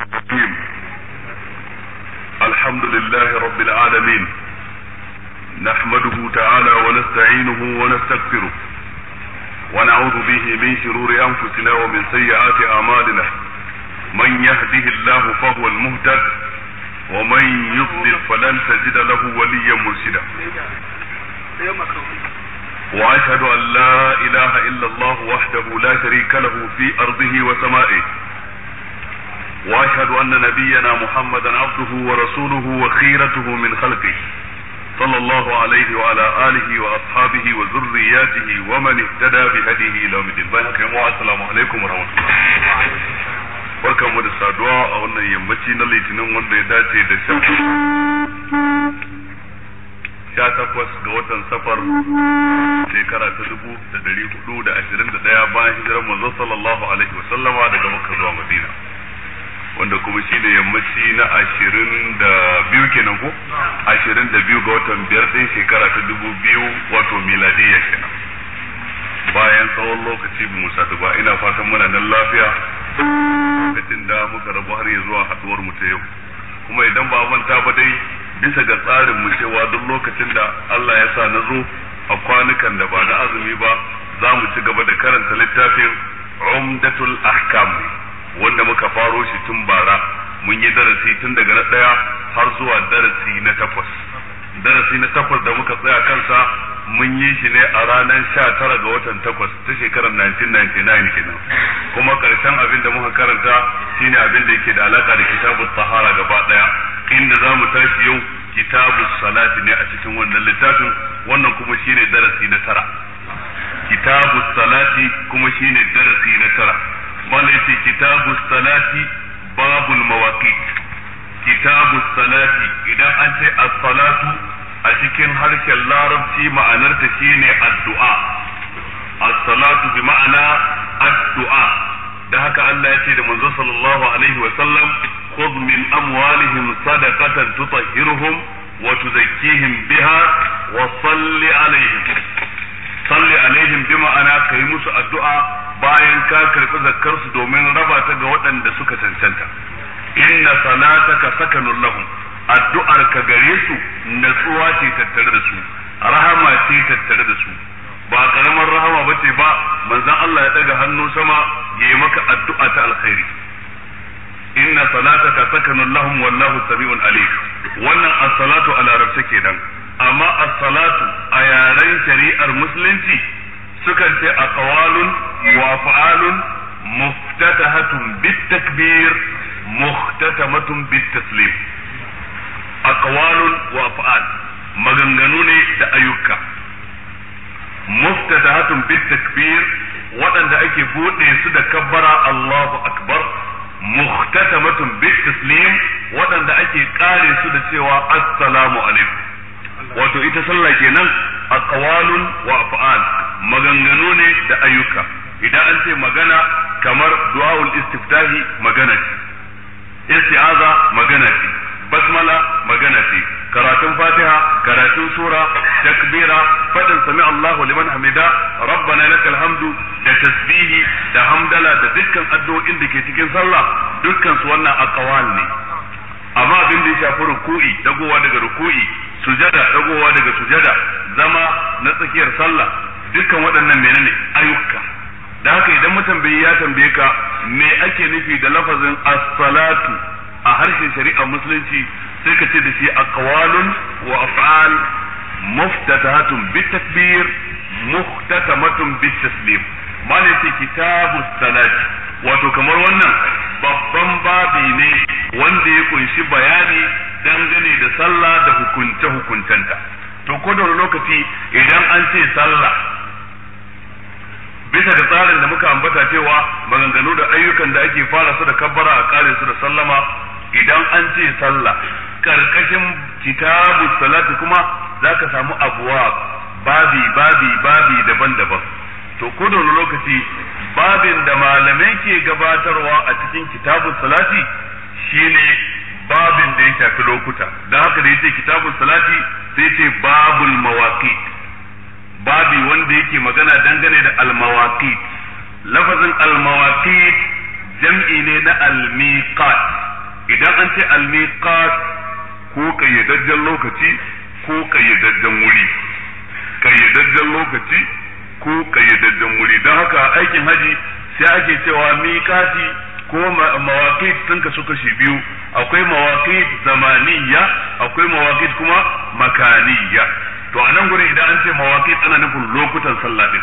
الرحيم الحمد لله رب العالمين نحمده تعالى ونستعينه ونستغفره ونعوذ به من شرور انفسنا ومن سيئات اعمالنا من يهده الله فهو المهتد ومن يضلل فلن تجد له وليا مرشدا واشهد ان لا اله الا الله وحده لا شريك له في ارضه وسمائه واشهد ان نبينا محمدا عبده ورسوله وخيرته من خلقه صلى الله عليه وعلى اله واصحابه وذرياته ومن اهتدى بهديه الى يوم الدين السلام عليكم ورحمه الله barkan mu da saduwa a wannan yammaci na litinin wanda ya dace da sha takwas ga watan safar shekara ta dubu da dari hudu da ashirin da daya bayan hijirar manzo sallallahu alaihi wasallama daga makka zuwa madina wanda kuma shi ne yammaci na ashirin da biyu kenan ko ashirin da biyu ga watan biyar ɗin shekara ta dubu biyu wato miladiyya kenan bayan tsawon lokaci bi musa ba ina fatan muna nan lafiya lokacin da muka rabu har ya zuwa haduwar mu ta yau kuma idan ba manta ba dai bisa ga tsarin mu cewa duk lokacin da Allah ya sa na zo a kwanukan da ba na azumi ba za mu ci gaba da karanta littafin umdatul ahkam wanda muka faro shi tun bara mun yi darasi tun daga na ɗaya har zuwa darasi na takwas darasi na takwas da muka tsaya kansa mun yi shi ne a ranar sha tara ga watan takwas ta shekarar 1999 kenan kuma karshen abin da muka karanta shine abin da yake da alaka da kitabun sahara gaba ɗaya inda za mu tashi yau kitabun salati ne a cikin wannan littafin wannan kuma shine darasi na tara kitabun salati kuma shine darasi na tara bala kitabu salati babul mawaqit kitabu salati idan an ce as-salatu a cikin harshen larabci ma'anar ta shine addu'a as-salatu bi ma'ana addu'a da haka Allah ya ce da manzo sallallahu alaihi wa sallam khudh min amwalihim sadaqatan tutahhiruhum wa tuzakkihim biha wa salli alaihim salli alaihim bi ma'ana kai musu addu'a bayan ka karbi zakkar su domin raba ta ga waɗanda suka cancanta inna salataka sakanun lahum addu'ar ka gare su natsuwa ce tattare da su rahama ce tattare da su ba karamar rahama bace ba manzon Allah ya daga hannu sama yayi maka addu'a ta alkhairi inna salataka sakanun lahum wallahu sami'un alim wannan as-salatu ala rabbi kenan amma as-salatu a yaren shari'ar musulunci sukan ce a ƙawalun wa fa'alun muftatahatun bit-takbir muhtatamatun bit-taslim aqwalun wa fa'al maganganu ne da ayyuka muftatahatun bit-takbir waɗanda ake buɗe su da kabbara Allahu akbar muhtatamatun bit-taslim waɗanda ake kare su da cewa assalamu alaikum wato ita sallah kenan aqwalun wa af'al maganganu ne da ayyuka idan an ce magana kamar du'aul istiftahi magana ce isti'aza magana ce basmala magana ce karatun fatiha karatun sura takbira fadin sami Allahu liman hamida rabbana lakal hamdu da tasbihi da hamdala da dukkan addu'o'in da ke cikin sallah dukkan su wannan aqwal ne amma abin da ya shafi ruku'i dagowa daga ruku'i sujada ragowa daga sujada zama na tsakiyar sallah dukkan waɗannan menene ayyuka da haka idan tambayi ya tambaye ka me ake nufi da lafazin as-salatu a harshen shari'a musulunci sai ka ce da shi aqwalun wa af'al muftatahatun bitakbir muhtatamatun bitaslim malaka kitabu salati wato kamar wannan babban babi ne wanda ya kunshi bayani dangane da sallah da hukunce hukuncenta to ko da lokaci idan an ce sallah bisa da tsarin da muka ambata cewa maganganu da ayyukan da ake fara su da kabbara a kare su da sallama idan an ce sallah karkashin kitabu salati kuma zaka samu abuwa babi babi babi daban-daban to ko da lokaci babin da malamai ke gabatarwa a cikin kitabun salati shine babin da ya shafi lokuta da haka da yace kitabun salati sai ce babul mawaqit babi wanda yake magana dangane da al mawaqit lafazin al mawaqit jam'i ne na al miqat idan an ce al miqat ko kayyadajjen lokaci ko kayyadajjen wuri kayyadajjen lokaci ko kayyadajjen wuri don haka aikin haji sai ake cewa miƙati ko mawaqit sun kasu kashi biyu akwai mawaqit zamaniya akwai mawaqit kuma makaniya to a nan gurin idan an ce mawaqit ana nufin lokutan sallah din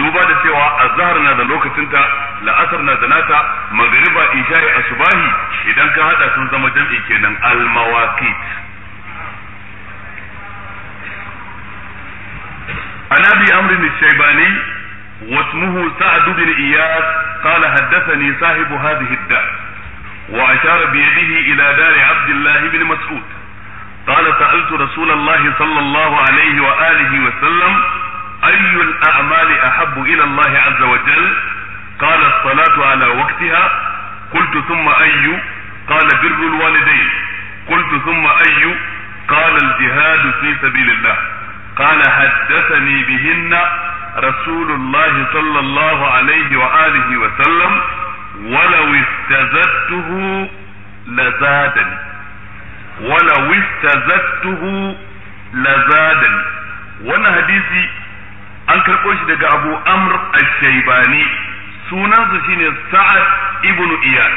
duba da cewa azhar na da lokacinta la'asar na da nata magriba isha'i asubahi idan ka hada sun zama jam'i kenan al-mawaqit عن ابي عمرو shaybani واسمه سعد بن اياس قال حدثني صاحب هذه الدار وأشار بيده إلى دار عبد الله بن مسعود قال سألت رسول الله صلى الله عليه وآله وسلم أي الأعمال أحب إلى الله عز وجل قال الصلاة على وقتها قلت ثم أي قال بر الوالدين قلت ثم أي قال الجهاد في سبيل الله قال حدثني بهن رسول الله صلى الله عليه وآله وسلم ولو استزدته لزادني ولو استزدته لزادني wannan hadisi an karɓo shi daga Abu Amr al-Shaybani sunansa shine Sa'ad ibn Iyad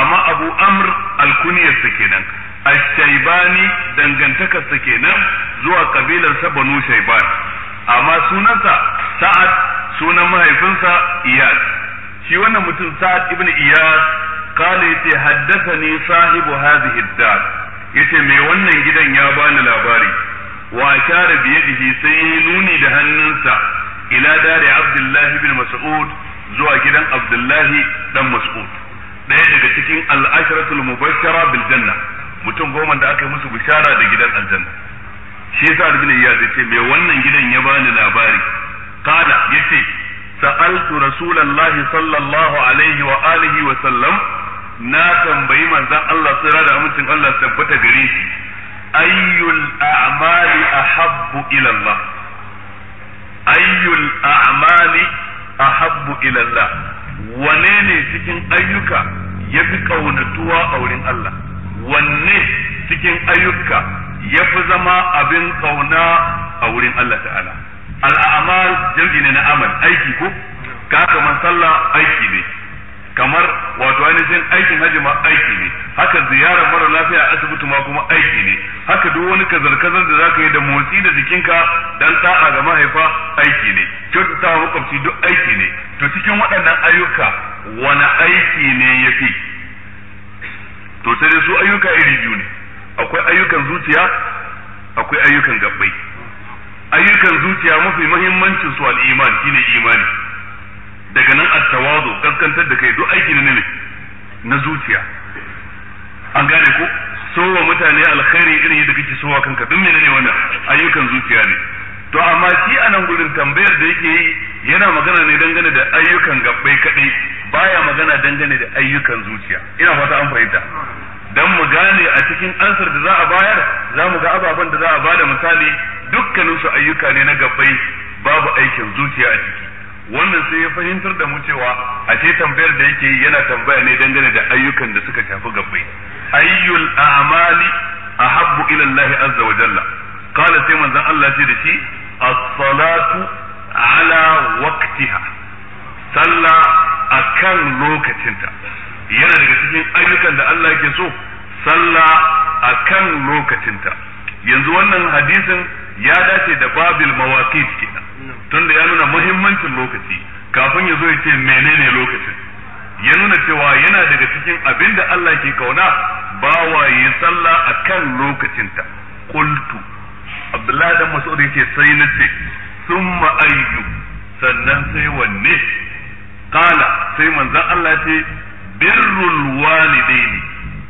amma Abu Amr al-kunyarsa kenan al-Shaybani dangantakarsa kenan zuwa kabilar sa Banu Shayban amma sunansa Sa'ad sunan mahaifinsa Iyad shi wannan mutum sa'ad ibn iyas kala yace haddathani sahibu hadhihi ad yace mai wannan gidan ya bani labari wa shara bi yadihi sai ya nuni da hannunsa ila dare abdullahi bin mas'ud zuwa gidan abdullahi dan mas'ud daya daga cikin al-ashratul mubashshara bil janna mutum goma da aka yi musu bishara da gidan aljanna shi Sa'ad ibn iyas yace mai wannan gidan ya bani labari kala yace sa'altu rasulullahi sallallahu alaihi wa alihi wa sallam na tambayi manzon Allah tsira da amincin Allah tabbata gare shi ayyul a'mali ahabbu ila Allah ayyul a'mali ahabbu ila Allah wane ne cikin ayyuka yafi ƙaunatuwa a wurin Allah wanne cikin ayyuka yafi zama abin ƙauna a wurin Allah ta'ala al'amal jam'i ne na amal aiki ko ka kamar sallah aiki ne kamar wato ainihin aikin haji ma aiki ne haka ziyarar mara lafiya a asibiti ma kuma aiki ne haka duk wani kazar-kazar da zaka yi da motsi da jikinka dan sa'a ga mahaifa aiki ne kyautata wa makwabci duk aiki ne to cikin waɗannan ayyuka wani aiki ne ya fi to sai su ayyuka iri biyu ne akwai ayyukan zuciya akwai ayyukan gabbai ayyukan zuciya mafi muhimmancin su al'iman shine imani daga nan at-tawazu kaskantar da kai duk aiki ne na zuciya an gane ko sowa mutane alkhairi irin yadda kake sowa kanka duk menene wannan ayyukan zuciya ne to amma shi a nan gurin tambayar da yake yi yana magana ne dangane da ayyukan gabbai kadai baya magana dangane da ayyukan zuciya ina fata an fahimta dan mu gane a cikin ansar da za a bayar za mu ga ababen da za a bada misali su ayyuka ne na gabbai babu aikin zuciya a ciki wannan sai ya fahimtar da mu cewa ce tambayar da yake yana tambaya ne dangane da ayyukan da suka shafi gabbai ayyul a'mali ahabbu ila Allah azza wa jalla qala sai manzon Allah ce da shi as-salatu ala waqtiha salla akan lokacinta yana daga cikin ayyukan da Allah yake so salla akan lokacinta yanzu wannan hadisin ya dace da babil mawaqit kenan tunda ya nuna muhimmancin lokaci kafin ya zo ya ce menene lokacin ya nuna cewa yana daga cikin abinda Allah ke kauna wa yin sallah akan lokacinta qultu Abdullahi dan Mas'ud yake sai na ce sun ayyu sannan sai wanne kala sai manzon Allah ce birrul walidaini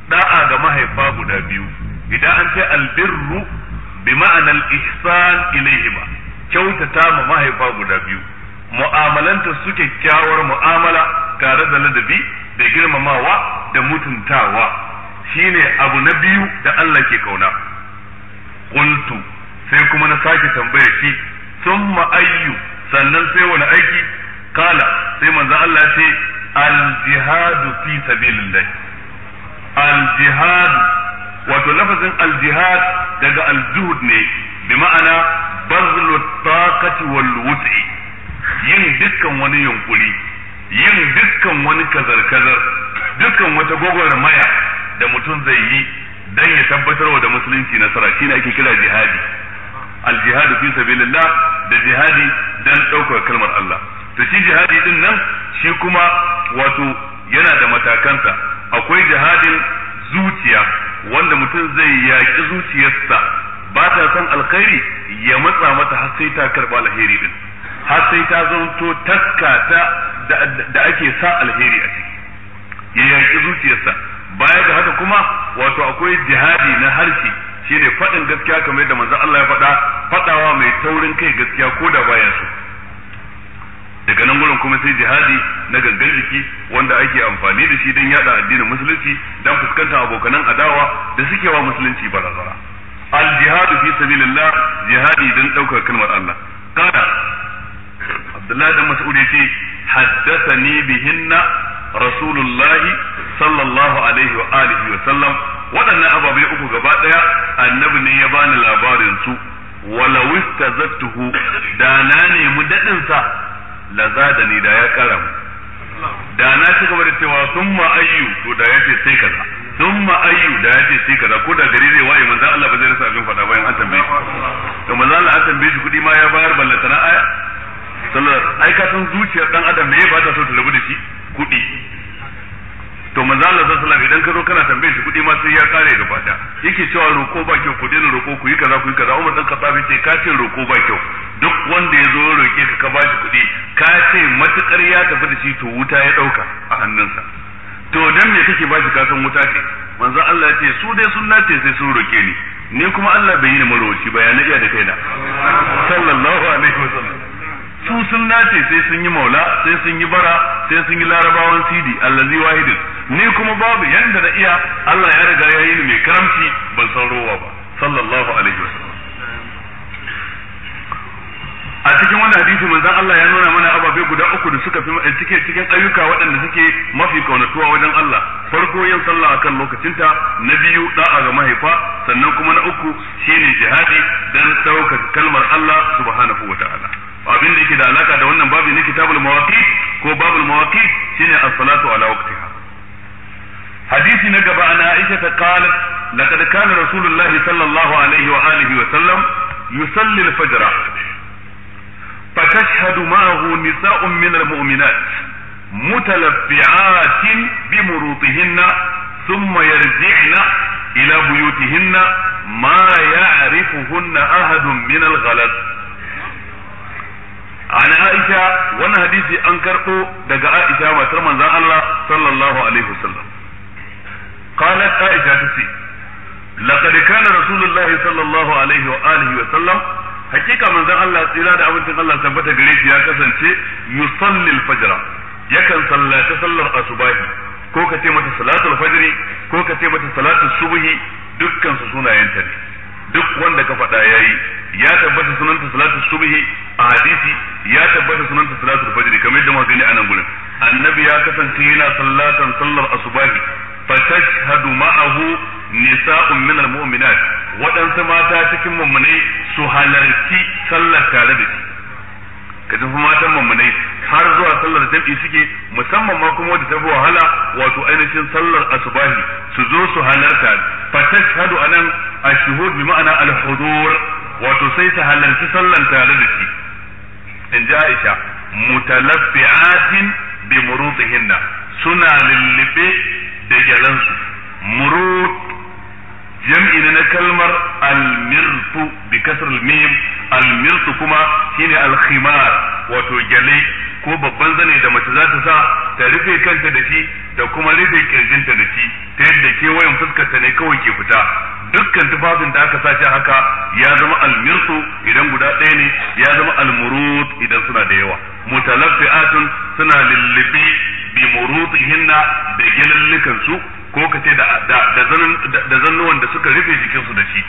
da'a ga mahaifa guda biyu idan an ce albirru bi ma'anar ihsan ilaihima kyautata ma mahaifa guda biyu mu'amalanta su kyakkyawar mu'amala tare da ladabi da girmamawa da mutuntawa shine abu na biyu da Allah ke kauna qultu sai kuma na sake tambaya shi thumma ayyu sannan sai wani aiki kala sai manzo Allah ya ce aljihadu fi sabilillah al jihadu wato lafazin aljihad daga aljuhud ne bi ma'ana bazlu taqati wal wut'i yin dukkan wani yunkuri yin dukkan wani kazar-kazar dukkan wata maya da mutum zai yi dan ya tabbatar wa da musulunci nasara ne ake kira jihadi al fi sabilillah da jihadi dan daukar kalmar Allah to shi jihadi din nan shi kuma wato yana da matakansa akwai jihadin zuciya wanda mutum zai yaƙi zuciyarsa ba ta son alkhairi ya matsa mata har sai ta karɓa alheri din har sai ta zanto taska ta da ake sa alheri a ciki ya yaƙi zuciyarsa baya ga haka kuma wato akwai jihadi na harshe shine faɗin gaskiya kamar yadda manzo Allah ya faɗa faɗawa mai taurin kai gaskiya ko da baya so daga nan gurin kuma sai jihadi na gangan jiki wanda ake amfani da shi don yada addinin musulunci don fuskanta abokanan adawa da suke wa musulunci barazana al jihadu fi sabilillah jihadi don daukar kalmar Allah kana Abdullahi dan Mas'ud yace haddathani bihinna rasulullahi sallallahu alaihi wa alihi wa sallam waɗannan ababai uku gaba daya annabi ne ya bani labarin su walau da na nemi dadin sa lazada ni da ya kara mu da na ci gaba da cewa sun ayyu to da ya ce sai kaza sun ayyu da ya ce sai kaza ko da gari zai waye manzan Allah ba zai rasa abin faɗa bayan an tambaye shi to manzan Allah an tambaye shi kuɗi ma ya bayar ballanta na aya sallar ai ka san zuciyar dan adam ne ya ba ta so ta rabu da shi kuɗi to manzo Allah sallallahu alaihi idan ka zo kana tambayar shi kudi ma sai ya kare gaba da yake cewa roko ba kyau ku daina roko ku yi kaza ku yi kaza Umar dan Khattab ce ka ce roko ba kyau duk wanda ya zo roke ka ka bashi kudi ka ce matukar ya tafi da shi to wuta ya dauka a hannunsa to dan me kake bashi ka wuta ce manzo Allah ya su dai sunna ce sai sun roke ni ni kuma Allah bai yi ni marwaci ba ya na iya da kaina sallallahu alaihi wasallam su sun nace sai sun yi maula sai sun yi bara sai sun yi larabawan sidi allazi wahidin ni kuma babu yanda na iya Allah ya riga ya yi ni mai karamci ban san rowa ba sallallahu alaihi wasallam a cikin wannan hadisi manzon Allah ya nuna mana ababe guda uku da suka fi cikin cikin ayyuka waɗanda suke mafi kaunatuwa wajen Allah farko yin sallah akan lokacinta na biyu da'a ga mahaifa sannan kuma na uku shine jihadi dan sauka kalmar Allah subhanahu wataala abin da yake da alaka da wannan babu na kitabul mawaqit ko babul mawaqit shine as-salatu ala waqtiha hadisi na gaba ana Aisha ta qalat laqad kana rasulullah sallallahu alaihi wa alihi wa sallam yusalli al-fajr فتشهد معه نساء من المؤمنات متلفعات بمروطهن ثم يرجعن إلى بيوتهن ما يعرفهن أحد من الغلط an aisha wannan hadisi an karɓo daga aisha matar manzon Allah sallallahu alaihi aisha tace laqad kana rasulullah sallallahu alaihi hakika manzon Allah tsira da abincin Allah tabbata gare shi ya kasance yusalli al yakan sallata sallar asubahi ko ka ce mata salatul fajri ko ka ce mata salatul subhi dukkan su sunayenta duk wanda ka faɗa yayi ya tabbata sunanta salatu subhi a hadisi ya tabbata sunan ta salatul fajr kamar yadda masu ne a nan gurin annabi ya kasance yana sallatan sallar asubahi fa tashhadu ma'ahu nisa'un min almu'minat waɗansu mata cikin mummunai su halarci sallar tare da shi ka tafi matan mummunai har zuwa sallar jam'i suke musamman ma kuma wadda ta fi wahala wato ainihin sallar asubahi su zo su halarta fa tashhadu anan ashhud bi ma'ana al wato sai su halarci sallar tare da shi in ji Aisha mutalabbi'atin bi murudihinna suna lullube da gyalansu murut jam'i na kalmar almirtu bi kasr mim almirtu kuma shine alkhimar wato gyale ko babban zane da mace za ta sa ta rufe kanta da shi da kuma rufe kirjinta da shi ta yadda kewayen fuskarta ne kawai ke fita dukkan tufafin da aka sace haka ya zama almirsu idan guda ɗaya ne ya zama almurut idan suna da yawa mutalaffi'atun suna lullubi bi murutihinna da gilallukan su ko ce da da zannuwan da suka rufe jikinsu da shi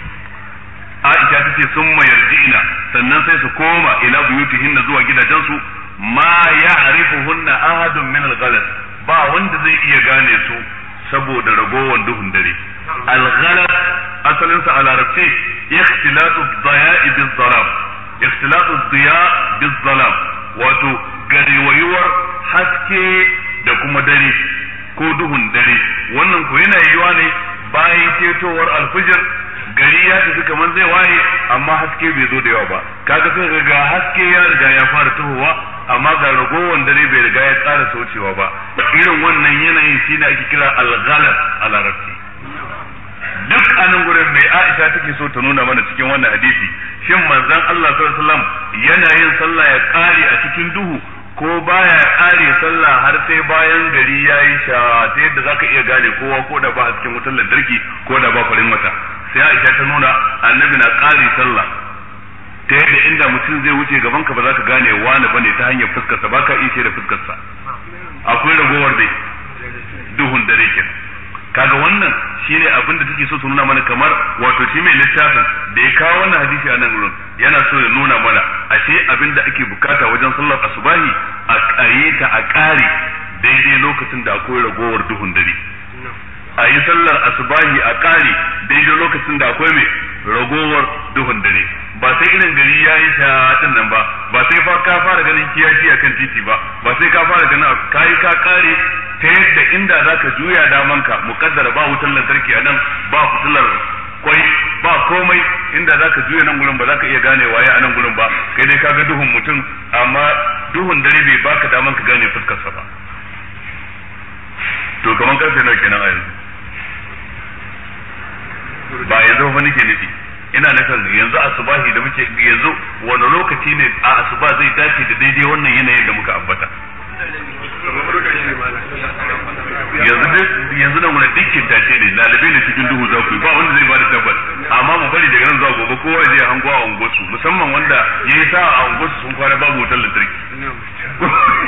Aisha tace sun jina sannan sai su koma ila buyutihinna zuwa gidajen su. ma ya hunna ahadun min al ba wanda zai iya gane su saboda ragowar duhun dare al asalinsa asalin sa a larabci ikhtilatu ad-daya'i zalam ikhtilatu zalam wato garewayuwar haske da kuma dare ko duhun dare wannan ko yana yiwa ne bayan ketowar alfijir gari ya tafi kamar zai waye amma haske bai zo da yawa ba kaga sai ga haske ya riga ya fara tahowa amma ga ragowar dare bai riga ya tsara saucewa ba irin wannan yanayin shi ne ake kira al a larabci duk anan gurin mai Aisha take so ta nuna mana cikin wannan hadisi shin manzon Allah sallallahu alaihi wasallam yana yin sallah ya kare a cikin duhu ko baya kare sallah har sai bayan gari yayi sha sai da zaka iya gane kowa ko da ba hasken wutar lantarki ko da ba farin wata sai Aisha ta nuna annabi na ƙari sallah ta yadda inda mutum zai wuce gaban ka ba za ka gane wani bane ta hanyar fuskarsa ba ka ishe da fuskarsa akwai ragowar dai duhun dare ke. kaga wannan shine abin da take so ta nuna mana kamar wato shi mai littafin da ya kawo wannan hadisi a nan gurin yana so ya nuna mana ashe abin da ake bukata wajen sallar asubahi a kare ta a kare daidai lokacin da akwai ragowar duhun dare a yi sallar asubahi a ƙari daidai lokacin da akwai mai ragowar duhun dare ba sai irin gari ya yi shaɗin nan ba ba sai ka fara ganin kiyashi a kan titi ba ba sai ka fara ganin ka yi ka ƙare ta yadda inda za ka juya damanka muƙaddara ba wutar lantarki a nan ba fitilar kwai ba komai inda za ka juya nan gurin ba za ka iya gane waye a nan gurin ba kai dai ka ga duhun mutum amma duhun dare bai baka daman ka gane fuskarsa ba to kamar karfe nawa kenan a yanzu ba yanzu ba nake nufi ina nufin yanzu asubahi da muke yanzu wani lokaci ne a asuba zai dace da daidai wannan yanayin da muka ambata yanzu yanzu nan wani dukkin tashe ne lalabe ne cikin duhu za ku ba wanda zai ba da tabbas amma mu bari daga nan zuwa gobe kowa zai hango a unguwarsu musamman wanda ya yi sa a unguwarsu sun kwana babu wutar lantarki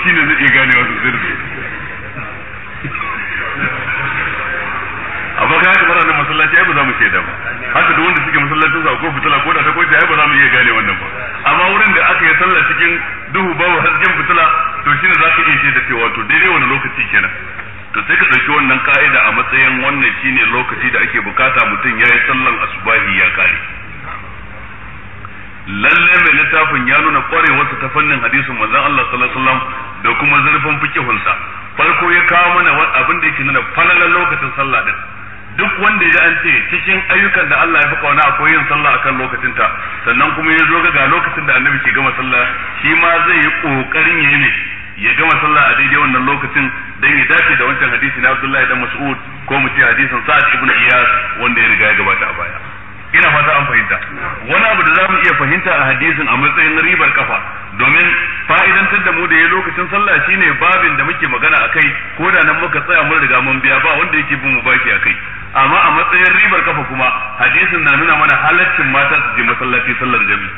shi ne zai iya ganewa sosai da amma ga haka mara nan masallaci ai ba za mu da ba haka duk wanda suke masallacin su akwai fitila ko da ta koce ai ba za mu iya gane wannan ba amma wurin da aka yi sallah cikin duhu babu hasken fitila to shine za ka iya da cewa to daidai wani lokaci kenan to sai ka ɗauki wannan ka'ida a matsayin wannan shine lokaci da ake bukata mutum ya yi sallan asubahi ya kare lalle mai littafin ya nuna kwarewarsa ta fannin hadisin manzon Allah sallallahu da kuma zurfin fikihunsa farko ya kawo mana abin da yake nuna falalar lokacin sallah din duk wanda ya an ce cikin ayyukan da Allah ya fi kauna akwai yin sallah akan lokacin ta sannan kuma ya zo ga lokacin da annabi ke gama sallah shi ma zai yi kokarin ya yi ya gama sallah a daidai wannan lokacin dan ya dace da wancan hadisi na Abdullahi dan Mas'ud ko mu ce hadisin Sa'ad ibn iya wanda ya riga ya gabata a baya ina fata an fahimta wani abu da za mu iya fahimta a hadisin a matsayin ribar kafa domin fa'idantar da mu da ya lokacin sallah shine babin da muke magana akai ko da nan muka tsaya mun riga mun biya ba wanda yake bin mu baki kai. amma a matsayin ribar kafa kuma hadisin na nuna mana halaccin mata su je masallaci sallar jami'i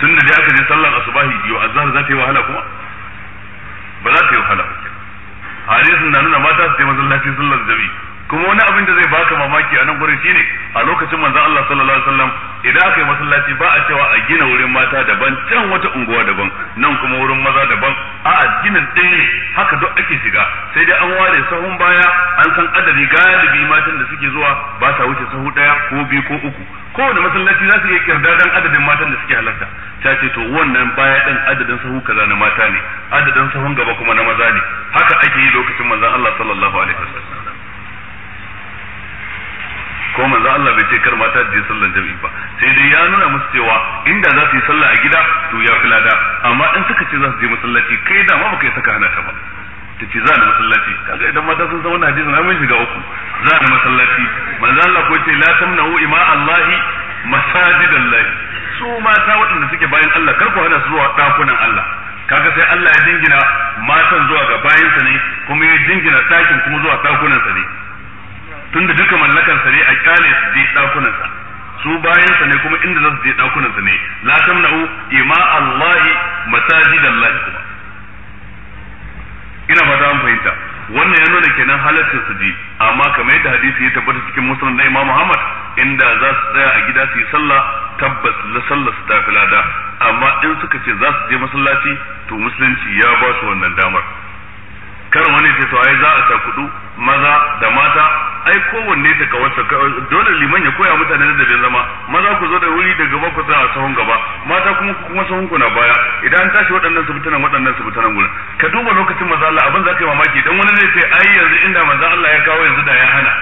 tun da aka je sallar asubahi biyu azhar za ta yi wahala kuma ba za ta yi wahala ba hadisin na nuna mata su je masallaci sallar jami'i kuma wani abin da zai baka mamaki a nan gurin shine a lokacin manzon Allah sallallahu alaihi wasallam idan aka yi masallaci ba a cewa a gina wurin mata daban can wata unguwa daban nan kuma wurin maza daban a gina ɗaya ne haka duk ake shiga sai dai an ware sahun baya an san adadi galibi matan da suke zuwa ba sa wuce sahu ɗaya ko biyu ko uku kowane masallaci za su iya kirda dan adadin matan da suke halarta ta ce to wannan baya ɗin adadin sahu kaza na mata ne adadin sahun gaba kuma na maza ne haka ake yi lokacin manzon Allah sallallahu alaihi wasallam ko manzo Allah bai ce kar mata je sallar jami'i ba sai dai ya nuna musu cewa inda za su yi sallah a gida to ya fi lada amma in suka ce za su je masallaci kai da ma baka yi saka hana ta ba ta ce za na masallaci kaga idan mata sun san wannan hadisi na mun shiga uku za na masallaci manzo Allah ko ce la tamna'u ima Allah masajidallahi su mata waɗanda suke bayan Allah kar ku hana su zuwa dakunan Allah kaga sai Allah ya jingina matan zuwa ga bayansa ne kuma ya jingina ɗakin kuma zuwa ɗakunansa ne tunda duka mallakansa ne a kyale su je dakunansa su bayansa ne kuma inda za su je dakunansa ne la tamna'u ima Allahi masajidallahi kuma ina fata an fahimta wannan ya nuna kenan halaccin su ji amma kamar yadda hadisi ya tabbata cikin musulun na Imam Muhammad inda za su tsaya a gida su yi sallah tabbas la sallah su tafi lada amma in suka ce za su je masallaci to musulunci ya ba su wannan damar kar wani ce to ai za a ta kudu maza da mata ai kowanne daga wata dole liman ya koya mutane da bin zama maza ku zo da wuri da ba ku a sahun gaba mata kuma kuma sahun ku na baya idan an tashi waɗannan su fitanan waɗannan su fitanan gurin ka duba lokacin maza Allah abin zaka yi mamaki dan wani zai sai ai yanzu inda maza Allah ya kawo yanzu da ya hana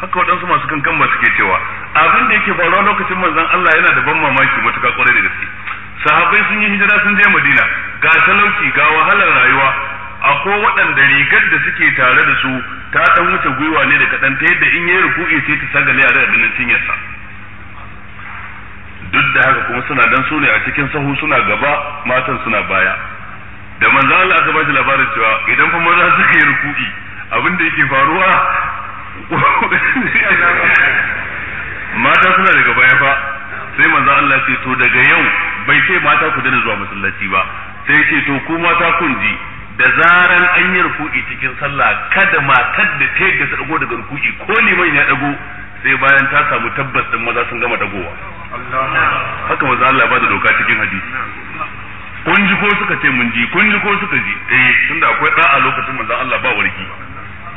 haka waɗansu masu kankan ba suke cewa abin da yake faruwa lokacin manzon Allah yana da ban mamaki matuƙa ƙwarai da gaske sahabai sun yi hijira sun je Madina ga talauci ga wahalar rayuwa akwai waɗanda rigar da suke tare da su ta ɗan wuce gwiwa ne da kaɗan ta yadda in yi ruku'i sai ta sagale a radadin cinyarsa duk da haka kuma suna dan sune a cikin sahu suna gaba matan suna baya da manzo Allah aka bashi labarin cewa idan fa maza suka yi ruku'i abin da yake faruwa mata suna daga baya fa sai manzo Allah ce to daga yau bai sai mata ku dana zuwa masallaci ba sai ce to ku mata kun ji da zaran an yi ruku'i cikin sallah kada matar da ta yadda ta dago daga ruku'i ko liman ya dago sai bayan ta samu tabbas din maza sun gama dagowa haka maza Allah ba da doka cikin hadisi kun ji ko suka ce mun ji kun ji ko suka ji eh tunda akwai da'a lokacin maza Allah ba warki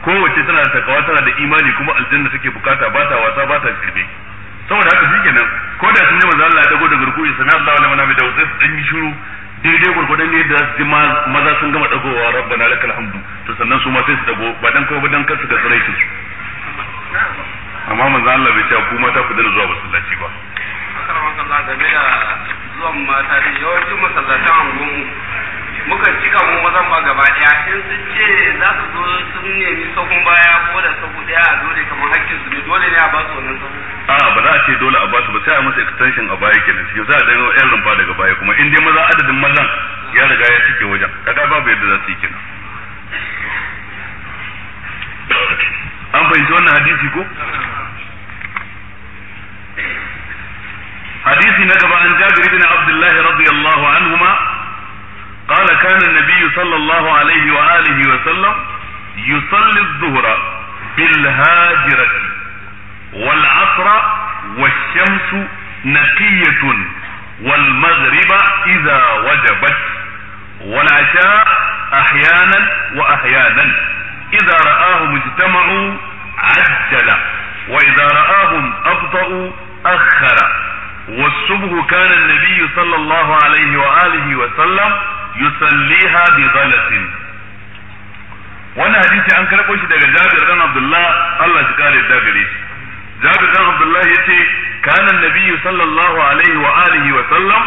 kowace tana da takawa tana da imani kuma aljanna take bukata ba ta wasa ba ta kirbe saboda haka shikenan ko da sun ji maza Allah ya dago daga ruku'i sami Allah wa liman hamidahu sai su dan yi shiru daidai gurgudan ne da su maza sun gama dagowa na lakal hamdu to sannan su ma sai su dago ba dan kawai ba dan kansu da tsiraitin amma manzo Allah bai ce ku mata ku dana zuwa masallaci ba game da zuwan mata yawancin masallatan angon muka cika mu mazan ba gaba daya in sun ce za su zo sun nemi sahun baya ko da sahu daya a dole kamar hakkin su ne dole ne a ba su wannan sahu a ba za a ce dole a ba su ba sai a masa extension a baya kenan cikin za a dawo yan rumfa daga baya kuma in dai maza adadin mazan ya riga ya cike wajen kaga babu yadda za su yi kenan an fahimci wannan hadisi ko hadisi na gaba an jabir ibn abdullahi radiyallahu anhu كان النبي صلى الله عليه وآله وسلم يصلي الظهر بالهاجرة والعصر والشمس نقية والمغرب إذا وجبت والعشاء أحيانا وأحيانا إذا رآهم اجتمعوا عجل وإذا رآهم أبطأوا أخر والصبح كان النبي صلى الله عليه وآله وسلم yusalliha bi ghalatin wannan hadisi an karɓo shi daga Jabir dan Abdullah Allah shi kare da gare shi Jabir dan Abdullah yace kana annabi sallallahu alaihi wa alihi wa sallam